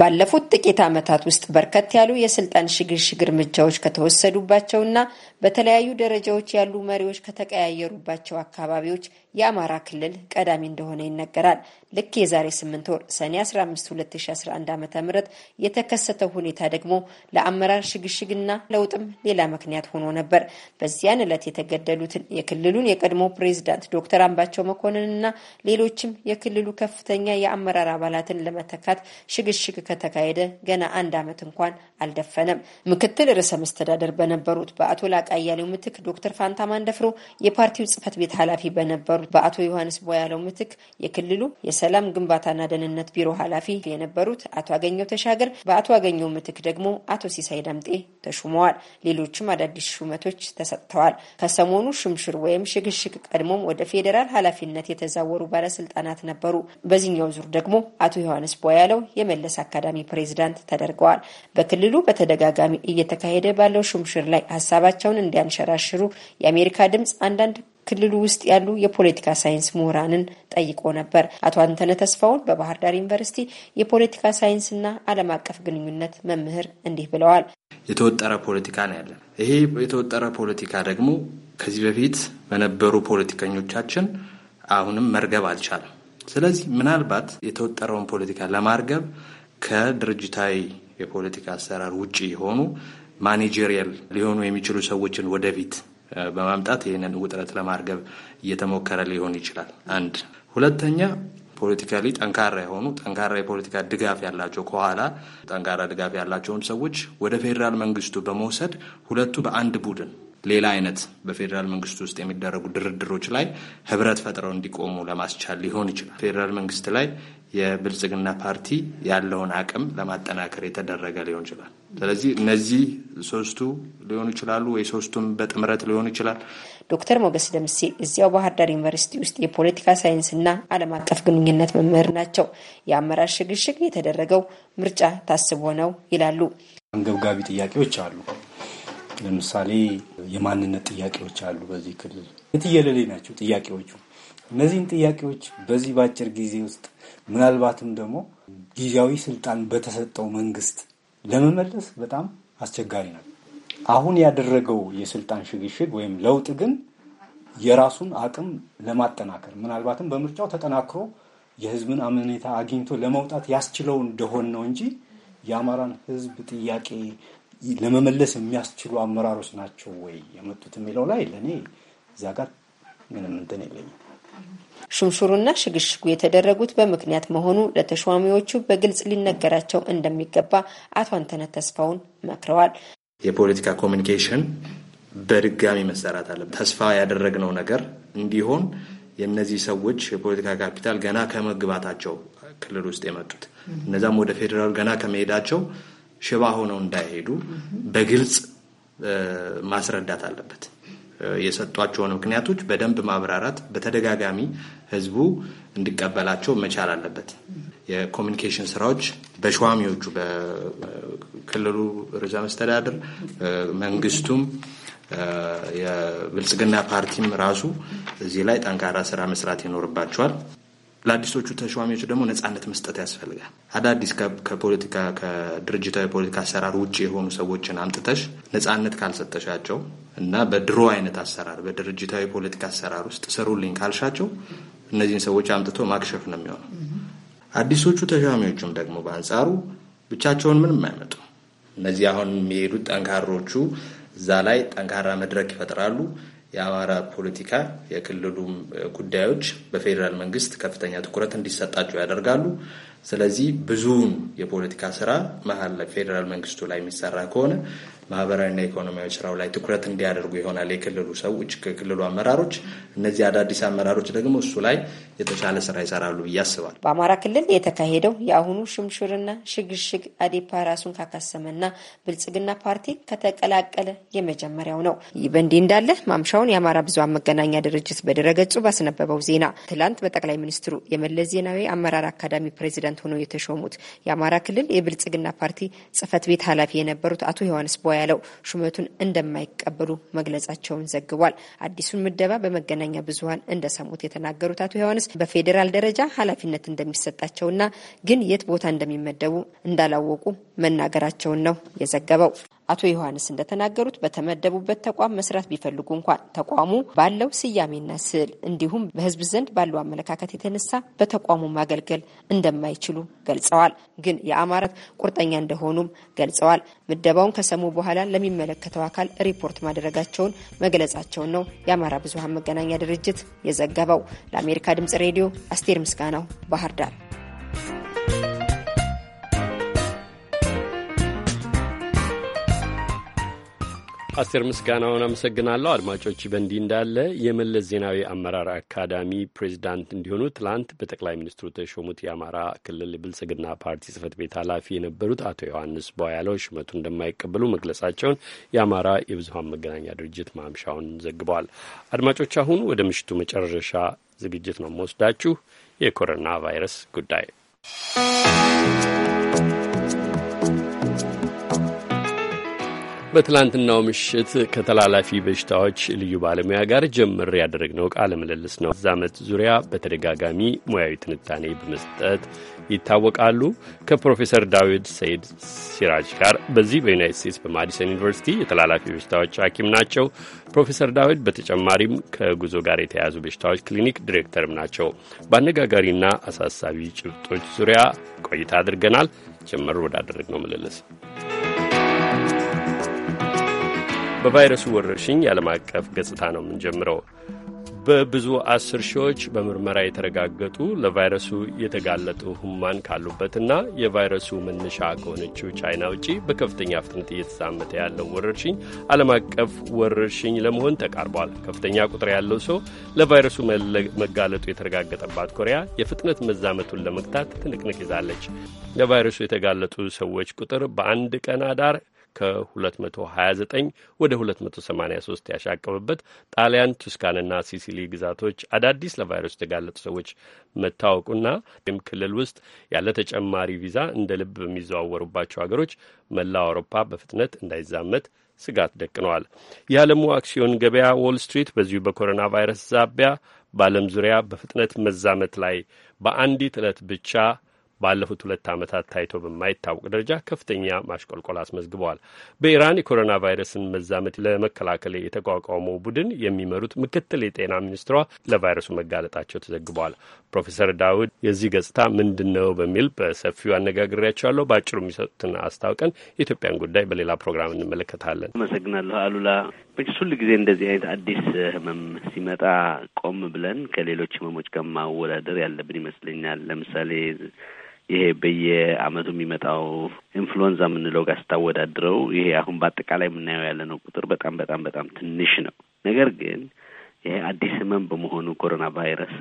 ባለፉት ጥቂት ዓመታት ውስጥ በርከት ያሉ የስልጣን ሽግሽግ እርምጃዎች ከተወሰዱባቸውና በተለያዩ ደረጃዎች ያሉ መሪዎች ከተቀያየሩባቸው አካባቢዎች የአማራ ክልል ቀዳሚ እንደሆነ ይነገራል። ልክ የዛሬ ስምንት ወር ሰኔ 15 2011 ዓ ም የተከሰተው ሁኔታ ደግሞ ለአመራር ሽግሽግና ለውጥም ሌላ ምክንያት ሆኖ ነበር። በዚያን ዕለት የተገደሉትን የክልሉን የቀድሞ ፕሬዚዳንት ዶክተር አምባቸው መኮንንና ሌሎችም የክልሉ ከፍተኛ የአመራር አባላትን ለመተካት ሽግሽግ ሽግ ከተካሄደ ገና አንድ ዓመት እንኳን አልደፈነም። ምክትል ርዕሰ መስተዳደር በነበሩት በአቶ ላቃያሌው ምትክ ዶክተር ፋንታ ማንደፍሮ፣ የፓርቲው ጽህፈት ቤት ኃላፊ በነበሩት በአቶ ዮሐንስ ቦያለው ምትክ፣ የክልሉ የሰላም ግንባታና ደህንነት ቢሮ ኃላፊ የነበሩት አቶ አገኘው ተሻገር፣ በአቶ አገኘው ምትክ ደግሞ አቶ ሲሳይ ዳምጤ ተሹመዋል። ሌሎችም አዳዲስ ሹመቶች ተሰጥተዋል። ከሰሞኑ ሽምሽር ወይም ሽግሽግ ቀድሞም ወደ ፌዴራል ኃላፊነት የተዛወሩ ባለስልጣናት ነበሩ። በዚህኛው ዙር ደግሞ አቶ ዮሐንስ ቦያለው የመለሰ አካዳሚ ፕሬዚዳንት ተደርገዋል። በክልሉ በተደጋጋሚ እየተካሄደ ባለው ሹምሽር ላይ ሀሳባቸውን እንዲያንሸራሽሩ የአሜሪካ ድምፅ አንዳንድ ክልሉ ውስጥ ያሉ የፖለቲካ ሳይንስ ምሁራንን ጠይቆ ነበር። አቶ አንተነ ተስፋውን በባህር ዳር ዩኒቨርሲቲ የፖለቲካ ሳይንስና ዓለም አቀፍ ግንኙነት መምህር እንዲህ ብለዋል። የተወጠረ ፖለቲካ ነው ያለን። ይሄ የተወጠረ ፖለቲካ ደግሞ ከዚህ በፊት በነበሩ ፖለቲከኞቻችን አሁንም መርገብ አልቻለም። ስለዚህ ምናልባት የተወጠረውን ፖለቲካ ለማርገብ ከድርጅታዊ የፖለቲካ አሰራር ውጭ የሆኑ ማኔጀሪያል ሊሆኑ የሚችሉ ሰዎችን ወደፊት በማምጣት ይህንን ውጥረት ለማርገብ እየተሞከረ ሊሆን ይችላል። አንድ ሁለተኛ ፖለቲካሊ ጠንካራ የሆኑ ጠንካራ የፖለቲካ ድጋፍ ያላቸው ከኋላ ጠንካራ ድጋፍ ያላቸውን ሰዎች ወደ ፌዴራል መንግስቱ በመውሰድ ሁለቱ በአንድ ቡድን ሌላ አይነት በፌዴራል መንግስት ውስጥ የሚደረጉ ድርድሮች ላይ ህብረት ፈጥረው እንዲቆሙ ለማስቻል ሊሆን ይችላል። ፌዴራል መንግስት ላይ የብልጽግና ፓርቲ ያለውን አቅም ለማጠናከር የተደረገ ሊሆን ይችላል። ስለዚህ እነዚህ ሶስቱ ሊሆኑ ይችላሉ ወይ ሶስቱም በጥምረት ሊሆኑ ይችላል። ዶክተር ሞገስ ደምሴ እዚያው ባህር ዳር ዩኒቨርሲቲ ውስጥ የፖለቲካ ሳይንስና ዓለም አቀፍ ግንኙነት መምህር ናቸው። የአመራር ሽግሽግ የተደረገው ምርጫ ታስቦ ነው ይላሉ። አንገብጋቢ ጥያቄዎች አሉ። ለምሳሌ የማንነት ጥያቄዎች አሉ። በዚህ ክልል የትየለሌ ናቸው ጥያቄዎቹ። እነዚህን ጥያቄዎች በዚህ በአጭር ጊዜ ውስጥ ምናልባትም ደግሞ ጊዜያዊ ስልጣን በተሰጠው መንግስት ለመመለስ በጣም አስቸጋሪ ነው። አሁን ያደረገው የስልጣን ሽግሽግ ወይም ለውጥ ግን የራሱን አቅም ለማጠናከር ምናልባትም በምርጫው ተጠናክሮ የህዝብን አመኔታ አግኝቶ ለመውጣት ያስችለው እንደሆን ነው እንጂ የአማራን ህዝብ ጥያቄ ለመመለስ የሚያስችሉ አመራሮች ናቸው ወይ የመጡት የሚለው ላይ ለእኔ እዚያ ጋር ምንም እንትን የለኝም። ሹምሹሩና ሽግሽጉ የተደረጉት በምክንያት መሆኑ ለተሿሚዎቹ በግልጽ ሊነገራቸው እንደሚገባ አቶ አንተነት ተስፋውን መክረዋል። የፖለቲካ ኮሚኒኬሽን በድጋሚ መሰራት አለ። ተስፋ ያደረግነው ነገር እንዲሆን የእነዚህ ሰዎች የፖለቲካ ካፒታል ገና ከመግባታቸው ክልል ውስጥ የመጡት እነዛም ወደ ፌዴራል ገና ከመሄዳቸው ሽባ ሆነው እንዳይሄዱ በግልጽ ማስረዳት አለበት። የሰጧቸውን ምክንያቶች በደንብ ማብራራት በተደጋጋሚ ህዝቡ እንዲቀበላቸው መቻል አለበት። የኮሚኒኬሽን ስራዎች በሸዋሚዎቹ በክልሉ ርዕሰ መስተዳድር መንግስቱም የብልጽግና ፓርቲም ራሱ እዚህ ላይ ጠንካራ ስራ መስራት ይኖርባቸዋል። ለአዲሶቹ ተሿሚዎች ደግሞ ነጻነት መስጠት ያስፈልጋል። አዳዲስ ከፖለቲካ ከድርጅታዊ ፖለቲካ አሰራር ውጭ የሆኑ ሰዎችን አምጥተሽ ነጻነት ካልሰጠሻቸው እና በድሮ አይነት አሰራር በድርጅታዊ ፖለቲካ አሰራር ውስጥ ስሩልኝ ካልሻቸው እነዚህን ሰዎች አምጥቶ ማክሸፍ ነው የሚሆነው። አዲሶቹ ተሿሚዎቹም ደግሞ በአንጻሩ ብቻቸውን ምንም አይመጡ። እነዚህ አሁን የሚሄዱት ጠንካሮቹ እዛ ላይ ጠንካራ መድረክ ይፈጥራሉ። የአማራ ፖለቲካ የክልሉም ጉዳዮች በፌዴራል መንግስት ከፍተኛ ትኩረት እንዲሰጣቸው ያደርጋሉ። ስለዚህ ብዙውን የፖለቲካ ስራ መሀል ፌዴራል መንግስቱ ላይ የሚሰራ ከሆነ ማህበራዊና ኢኮኖሚያዊ ስራው ላይ ትኩረት እንዲያደርጉ ይሆናል የክልሉ ሰዎች ከክልሉ አመራሮች። እነዚህ አዳዲስ አመራሮች ደግሞ እሱ ላይ የተሻለ ስራ ይሰራሉ ብዬ አስባል። በአማራ ክልል የተካሄደው የአሁኑ ሽምሽርና ሽግሽግ አዴፓ ራሱን ካካሰመና ብልጽግና ፓርቲ ከተቀላቀለ የመጀመሪያው ነው። ይህ በእንዲህ እንዳለ ማምሻውን የአማራ ብዙሃን መገናኛ ድርጅት በድረገጹ ባስነበበው ዜና ትላንት በጠቅላይ ሚኒስትሩ የመለስ ዜናዊ አመራር አካዳሚ ፕሬዚደንት ፕሬዚዳንት ሆነው የተሾሙት የአማራ ክልል የብልጽግና ፓርቲ ጽህፈት ቤት ኃላፊ የነበሩት አቶ ዮሐንስ ቦያለው ሹመቱን እንደማይቀበሉ መግለጻቸውን ዘግቧል። አዲሱን ምደባ በመገናኛ ብዙሀን እንደሰሙት የተናገሩት አቶ ዮሐንስ በፌዴራል ደረጃ ኃላፊነት እንደሚሰጣቸውና ግን የት ቦታ እንደሚመደቡ እንዳላወቁ መናገራቸውን ነው የዘገበው። አቶ ዮሐንስ እንደተናገሩት በተመደቡበት ተቋም መስራት ቢፈልጉ እንኳን ተቋሙ ባለው ስያሜና ስዕል እንዲሁም በህዝብ ዘንድ ባለው አመለካከት የተነሳ በተቋሙ ማገልገል እንደማይችሉ ገልጸዋል። ግን የአማራት ቁርጠኛ እንደሆኑም ገልጸዋል። ምደባውን ከሰሙ በኋላ ለሚመለከተው አካል ሪፖርት ማድረጋቸውን መግለጻቸውን ነው የአማራ ብዙሀን መገናኛ ድርጅት የዘገበው። ለአሜሪካ ድምጽ ሬዲዮ አስቴር ምስጋናው ባህር ዳር። አስቴር ምስጋናውን አመሰግናለሁ። አድማጮች፣ በእንዲህ እንዳለ የመለስ ዜናዊ አመራር አካዳሚ ፕሬዚዳንት እንዲሆኑ ትላንት በጠቅላይ ሚኒስትሩ ተሾሙት የአማራ ክልል ብልጽግና ፓርቲ ጽህፈት ቤት ኃላፊ የነበሩት አቶ ዮሐንስ ቧያለው ሹመቱ እንደማይቀበሉ መግለጻቸውን የአማራ የብዙሀን መገናኛ ድርጅት ማምሻውን ዘግቧል። አድማጮች፣ አሁን ወደ ምሽቱ መጨረሻ ዝግጅት ነው መወስዳችሁ የኮሮና ቫይረስ ጉዳይ በትላንትናው ምሽት ከተላላፊ በሽታዎች ልዩ ባለሙያ ጋር ጀምር ያደረግነው ቃለ ምልልስ ነው። ዛመት ዙሪያ በተደጋጋሚ ሙያዊ ትንታኔ በመስጠት ይታወቃሉ። ከፕሮፌሰር ዳዊድ ሰይድ ሲራጅ ጋር በዚህ በዩናይት ስቴትስ በማዲሰን ዩኒቨርሲቲ የተላላፊ በሽታዎች ሐኪም ናቸው። ፕሮፌሰር ዳዊት በተጨማሪም ከጉዞ ጋር የተያያዙ በሽታዎች ክሊኒክ ዲሬክተርም ናቸው። በአነጋጋሪና አሳሳቢ ጭብጦች ዙሪያ ቆይታ አድርገናል። ጀመሩ ወዳደረግነው ምልልስ በቫይረሱ ወረርሽኝ የዓለም አቀፍ ገጽታ ነው የምንጀምረው። በብዙ አስር ሺዎች በምርመራ የተረጋገጡ ለቫይረሱ የተጋለጡ ህሙማን ካሉበትና የቫይረሱ መነሻ ከሆነችው ቻይና ውጪ በከፍተኛ ፍጥነት እየተዛመተ ያለው ወረርሽኝ ዓለም አቀፍ ወረርሽኝ ለመሆን ተቃርቧል። ከፍተኛ ቁጥር ያለው ሰው ለቫይረሱ መጋለጡ የተረጋገጠባት ኮሪያ የፍጥነት መዛመቱን ለመግታት ትንቅንቅ ይዛለች። ለቫይረሱ የተጋለጡ ሰዎች ቁጥር በአንድ ቀን አዳር ከ229 ወደ 283 ያሻቀበበት ጣሊያን ቱስካንና ሲሲሊ ግዛቶች አዳዲስ ለቫይረሱ የተጋለጡ ሰዎች መታወቁና ም ክልል ውስጥ ያለ ተጨማሪ ቪዛ እንደ ልብ በሚዘዋወሩባቸው ሀገሮች መላው አውሮፓ በፍጥነት እንዳይዛመት ስጋት ደቅነዋል። የዓለሙ አክሲዮን ገበያ ዎል ስትሪት በዚሁ በኮሮና ቫይረስ ዛቢያ በዓለም ዙሪያ በፍጥነት መዛመት ላይ በአንዲት ዕለት ብቻ ባለፉት ሁለት ዓመታት ታይቶ በማይታወቅ ደረጃ ከፍተኛ ማሽቆልቆል አስመዝግበዋል። በኢራን የኮሮና ቫይረስን መዛመት ለመከላከል የተቋቋመው ቡድን የሚመሩት ምክትል የጤና ሚኒስትሯ ለቫይረሱ መጋለጣቸው ተዘግበዋል። ፕሮፌሰር ዳውድ የዚህ ገጽታ ምንድን ነው በሚል በሰፊው አነጋግሬያቸዋለሁ። በአጭሩ የሚሰጡትን አስታውቀን የኢትዮጵያን ጉዳይ በሌላ ፕሮግራም እንመለከታለን። አመሰግናለሁ አሉላ። መቼስ ሁል ጊዜ እንደዚህ አይነት አዲስ ህመም ሲመጣ ቆም ብለን ከሌሎች ህመሞች ጋር ማወዳደር ያለብን ይመስለኛል። ለምሳሌ ይሄ በየአመቱ የሚመጣው ኢንፍሉዌንዛ የምንለው ጋር ስታወዳድረው ይሄ አሁን በአጠቃላይ የምናየው ያለነው ቁጥር በጣም በጣም በጣም ትንሽ ነው። ነገር ግን ይሄ አዲስ ህመም በመሆኑ ኮሮና ቫይረስ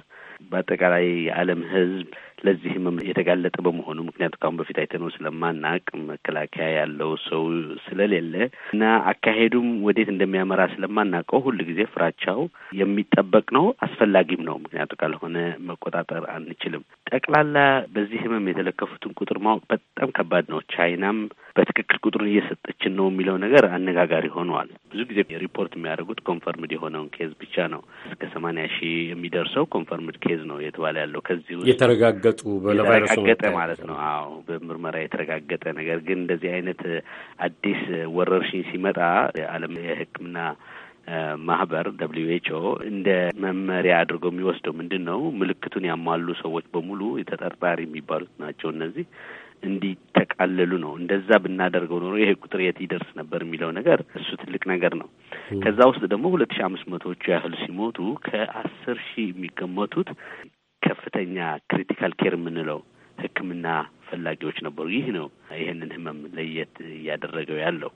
በአጠቃላይ የዓለም ህዝብ ለዚህ ህመም የተጋለጠ በመሆኑ ምክንያቱ ካሁን በፊት አይተነው ስለማናቅ መከላከያ ያለው ሰው ስለሌለ እና አካሄዱም ወዴት እንደሚያመራ ስለማናውቀው ሁል ጊዜ ፍራቻው የሚጠበቅ ነው፣ አስፈላጊም ነው። ምክንያቱ ካልሆነ መቆጣጠር አንችልም። ጠቅላላ በዚህ ህመም የተለከፉትን ቁጥር ማወቅ በጣም ከባድ ነው። ቻይናም በትክክል ቁጥሩን እየሰጠችን ነው የሚለው ነገር አነጋጋሪ ሆኗል። ብዙ ጊዜ ሪፖርት የሚያደርጉት ኮንፈርምድ የሆነውን ኬዝ ብቻ ነው። እስከ ሰማንያ ሺህ የሚደርሰው ኮንፈርምድ ኬዝ ነው የተባለ ያለው ከዚህ ውስጥ የተረጋ የተረጋገጡ የተረጋገጠ ማለት ነው። አዎ በምርመራ የተረጋገጠ ነገር ግን እንደዚህ አይነት አዲስ ወረርሽኝ ሲመጣ የዓለም የሕክምና ማህበር ደብሊዩ ኤች ኦ እንደ መመሪያ አድርገው የሚወስደው ምንድን ነው? ምልክቱን ያሟሉ ሰዎች በሙሉ ተጠርጣሪ የሚባሉት ናቸው እነዚህ እንዲተቃለሉ ነው። እንደዛ ብናደርገው ኖሮ ይሄ ቁጥር የት ይደርስ ነበር የሚለው ነገር እሱ ትልቅ ነገር ነው። ከዛ ውስጥ ደግሞ ሁለት ሺ አምስት መቶዎቹ ያህል ሲሞቱ ከአስር ሺህ የሚገመቱት ከፍተኛ ክሪቲካል ኬር የምንለው ሕክምና ፈላጊዎች ነበሩ። ይህ ነው ይህንን ህመም ለየት እያደረገው ያለው።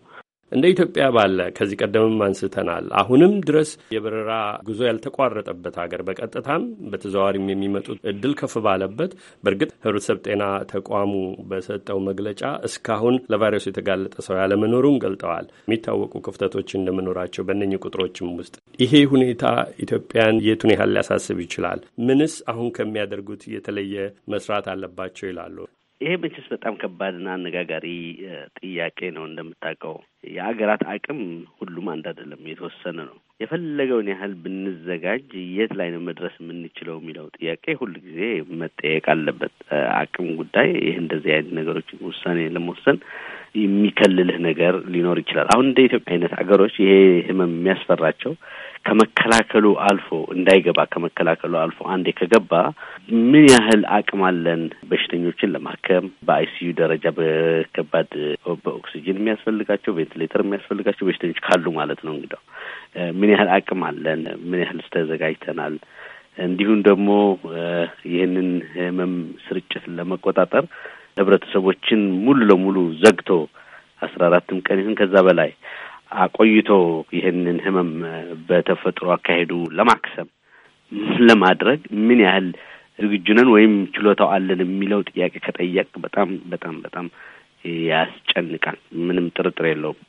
እንደ ኢትዮጵያ ባለ ከዚህ ቀደምም አንስተናል አሁንም ድረስ የበረራ ጉዞ ያልተቋረጠበት ሀገር በቀጥታም በተዘዋዋሪም የሚመጡት እድል ከፍ ባለበት በእርግጥ ህብረተሰብ ጤና ተቋሙ በሰጠው መግለጫ እስካሁን ለቫይረሱ የተጋለጠ ሰው ያለመኖሩን ገልጠዋል። የሚታወቁ ክፍተቶች እንደመኖራቸው በእነኚህ ቁጥሮችም ውስጥ ይሄ ሁኔታ ኢትዮጵያን የቱን ያህል ሊያሳስብ ይችላል? ምንስ አሁን ከሚያደርጉት የተለየ መስራት አለባቸው ይላሉ? ይሄ መቼስ በጣም ከባድና አነጋጋሪ ጥያቄ ነው። እንደምታውቀው የሀገራት አቅም ሁሉም አንድ አይደለም፣ የተወሰነ ነው። የፈለገውን ያህል ብንዘጋጅ የት ላይ ነው መድረስ የምንችለው የሚለው ጥያቄ ሁል ጊዜ መጠየቅ አለበት። አቅም ጉዳይ ይህ እንደዚህ አይነት ነገሮችን ውሳኔ ለመወሰን የሚከልልህ ነገር ሊኖር ይችላል። አሁን እንደ ኢትዮጵያ አይነት ሀገሮች ይሄ ህመም የሚያስፈራቸው ከመከላከሉ አልፎ እንዳይገባ ከመከላከሉ አልፎ አንዴ ከገባ ምን ያህል አቅም አለን በሽተኞችን ለማከም በአይሲዩ ደረጃ በከባድ በኦክሲጅን የሚያስፈልጋቸው ቬንትሌተር የሚያስፈልጋቸው በሽተኞች ካሉ ማለት ነው። እንግዲያው ምን ያህል አቅም አለን? ምን ያህል ተዘጋጅተናል? እንዲሁም ደግሞ ይህንን ህመም ስርጭት ለመቆጣጠር ህብረተሰቦችን ሙሉ ለሙሉ ዘግቶ አስራ አራትም ቀን ይሁን ከዛ በላይ አቆይቶ ይህንን ህመም በተፈጥሮ አካሄዱ ለማክሰም ለማድረግ ምን ያህል ዝግጁ ነን ወይም ችሎታው አለን የሚለው ጥያቄ ከጠየቅ በጣም በጣም በጣም ያስጨንቃል። ምንም ጥርጥር የለውም።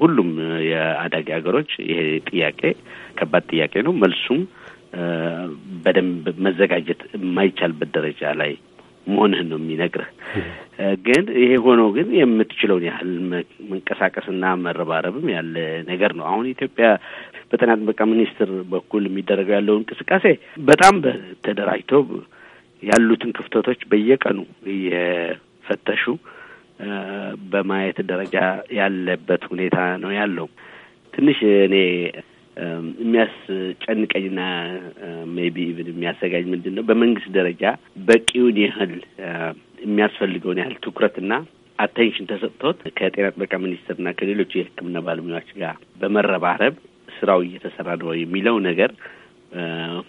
ሁሉም የአዳጊ ሀገሮች ይሄ ጥያቄ ከባድ ጥያቄ ነው። መልሱም በደንብ መዘጋጀት የማይቻልበት ደረጃ ላይ መሆንህን ነው የሚነግርህ። ግን ይሄ ሆኖ ግን የምትችለውን ያህል መንቀሳቀስና መረባረብም ያለ ነገር ነው። አሁን ኢትዮጵያ በጤና ጥበቃ ሚኒስቴር በኩል የሚደረገው ያለው እንቅስቃሴ በጣም ተደራጅቶ ያሉትን ክፍተቶች በየቀኑ እየፈተሹ በማየት ደረጃ ያለበት ሁኔታ ነው ያለው። ትንሽ እኔ የሚያስጨንቀኝና ሜቢ ኢቭን የሚያሰጋኝ ምንድን ነው በመንግስት ደረጃ በቂውን ያህል የሚያስፈልገውን ያህል ትኩረትና አቴንሽን ተሰጥቶት ከጤና ጥበቃ ሚኒስቴርና ከሌሎች የሕክምና ባለሙያዎች ጋር በመረባረብ ስራው እየተሰራ ነው የሚለው ነገር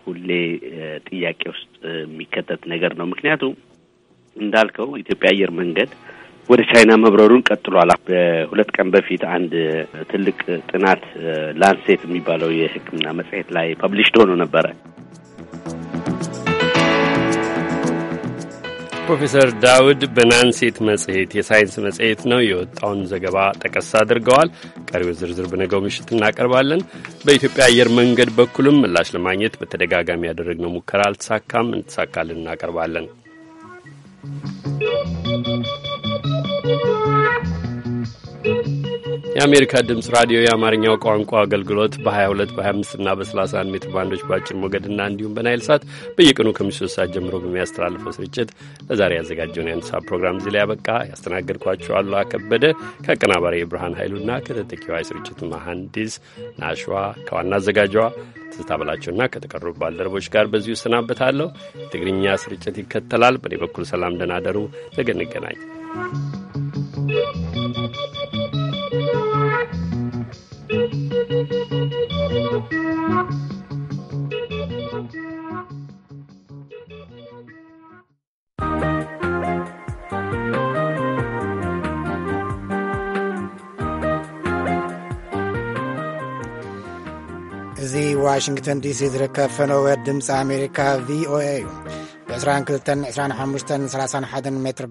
ሁሌ ጥያቄ ውስጥ የሚከተት ነገር ነው። ምክንያቱም እንዳልከው ኢትዮጵያ አየር መንገድ ወደ ቻይና መብረሩን ቀጥሏል። በሁለት ቀን በፊት አንድ ትልቅ ጥናት ላንሴት የሚባለው የሕክምና መጽሔት ላይ ፐብሊሽድ ሆኖ ነበረ። ፕሮፌሰር ዳውድ በናንሴት መጽሔት የሳይንስ መጽሔት ነው የወጣውን ዘገባ ጠቀስ አድርገዋል። ቀሪው ዝርዝር በነገው ምሽት እናቀርባለን። በኢትዮጵያ አየር መንገድ በኩልም ምላሽ ለማግኘት በተደጋጋሚ ያደረግነው ሙከራ አልተሳካም። እንተሳካልን እናቀርባለን። የአሜሪካ ድምፅ ራዲዮ የአማርኛው ቋንቋ አገልግሎት በ22 በ25 እና በ31 ሜትር ባንዶች በአጭር ሞገድና እንዲሁም በናይል ሳት በየቀኑ ከምሽቱ ሶስት ሰዓት ጀምሮ በሚያስተላልፈው ስርጭት ለዛሬ ያዘጋጀውን የአንድ ሰዓት ፕሮግራም እዚህ ላይ ያበቃ። ያስተናገድኳችሁ አሉላ ከበደ ከአቀናባሪ የብርሃን ኃይሉና ከተተኪዋ የስርጭት መሐንዲስ ናሽዋ ከዋና አዘጋጇ ትዝታ በላቸውና ከተቀሩ ባልደረቦች ጋር በዚሁ እሰናበታለሁ። የትግርኛ ስርጭት ይከተላል። በእኔ በኩል ሰላም ደህና ደሩ። ነገ እንገናኝ። እዚ ዋሽንግተን ዲሲ ዝርከብ ፈነወ ድምፂ ኣሜሪካ ቪኦኤ እዩ ብ22 31 ሜትር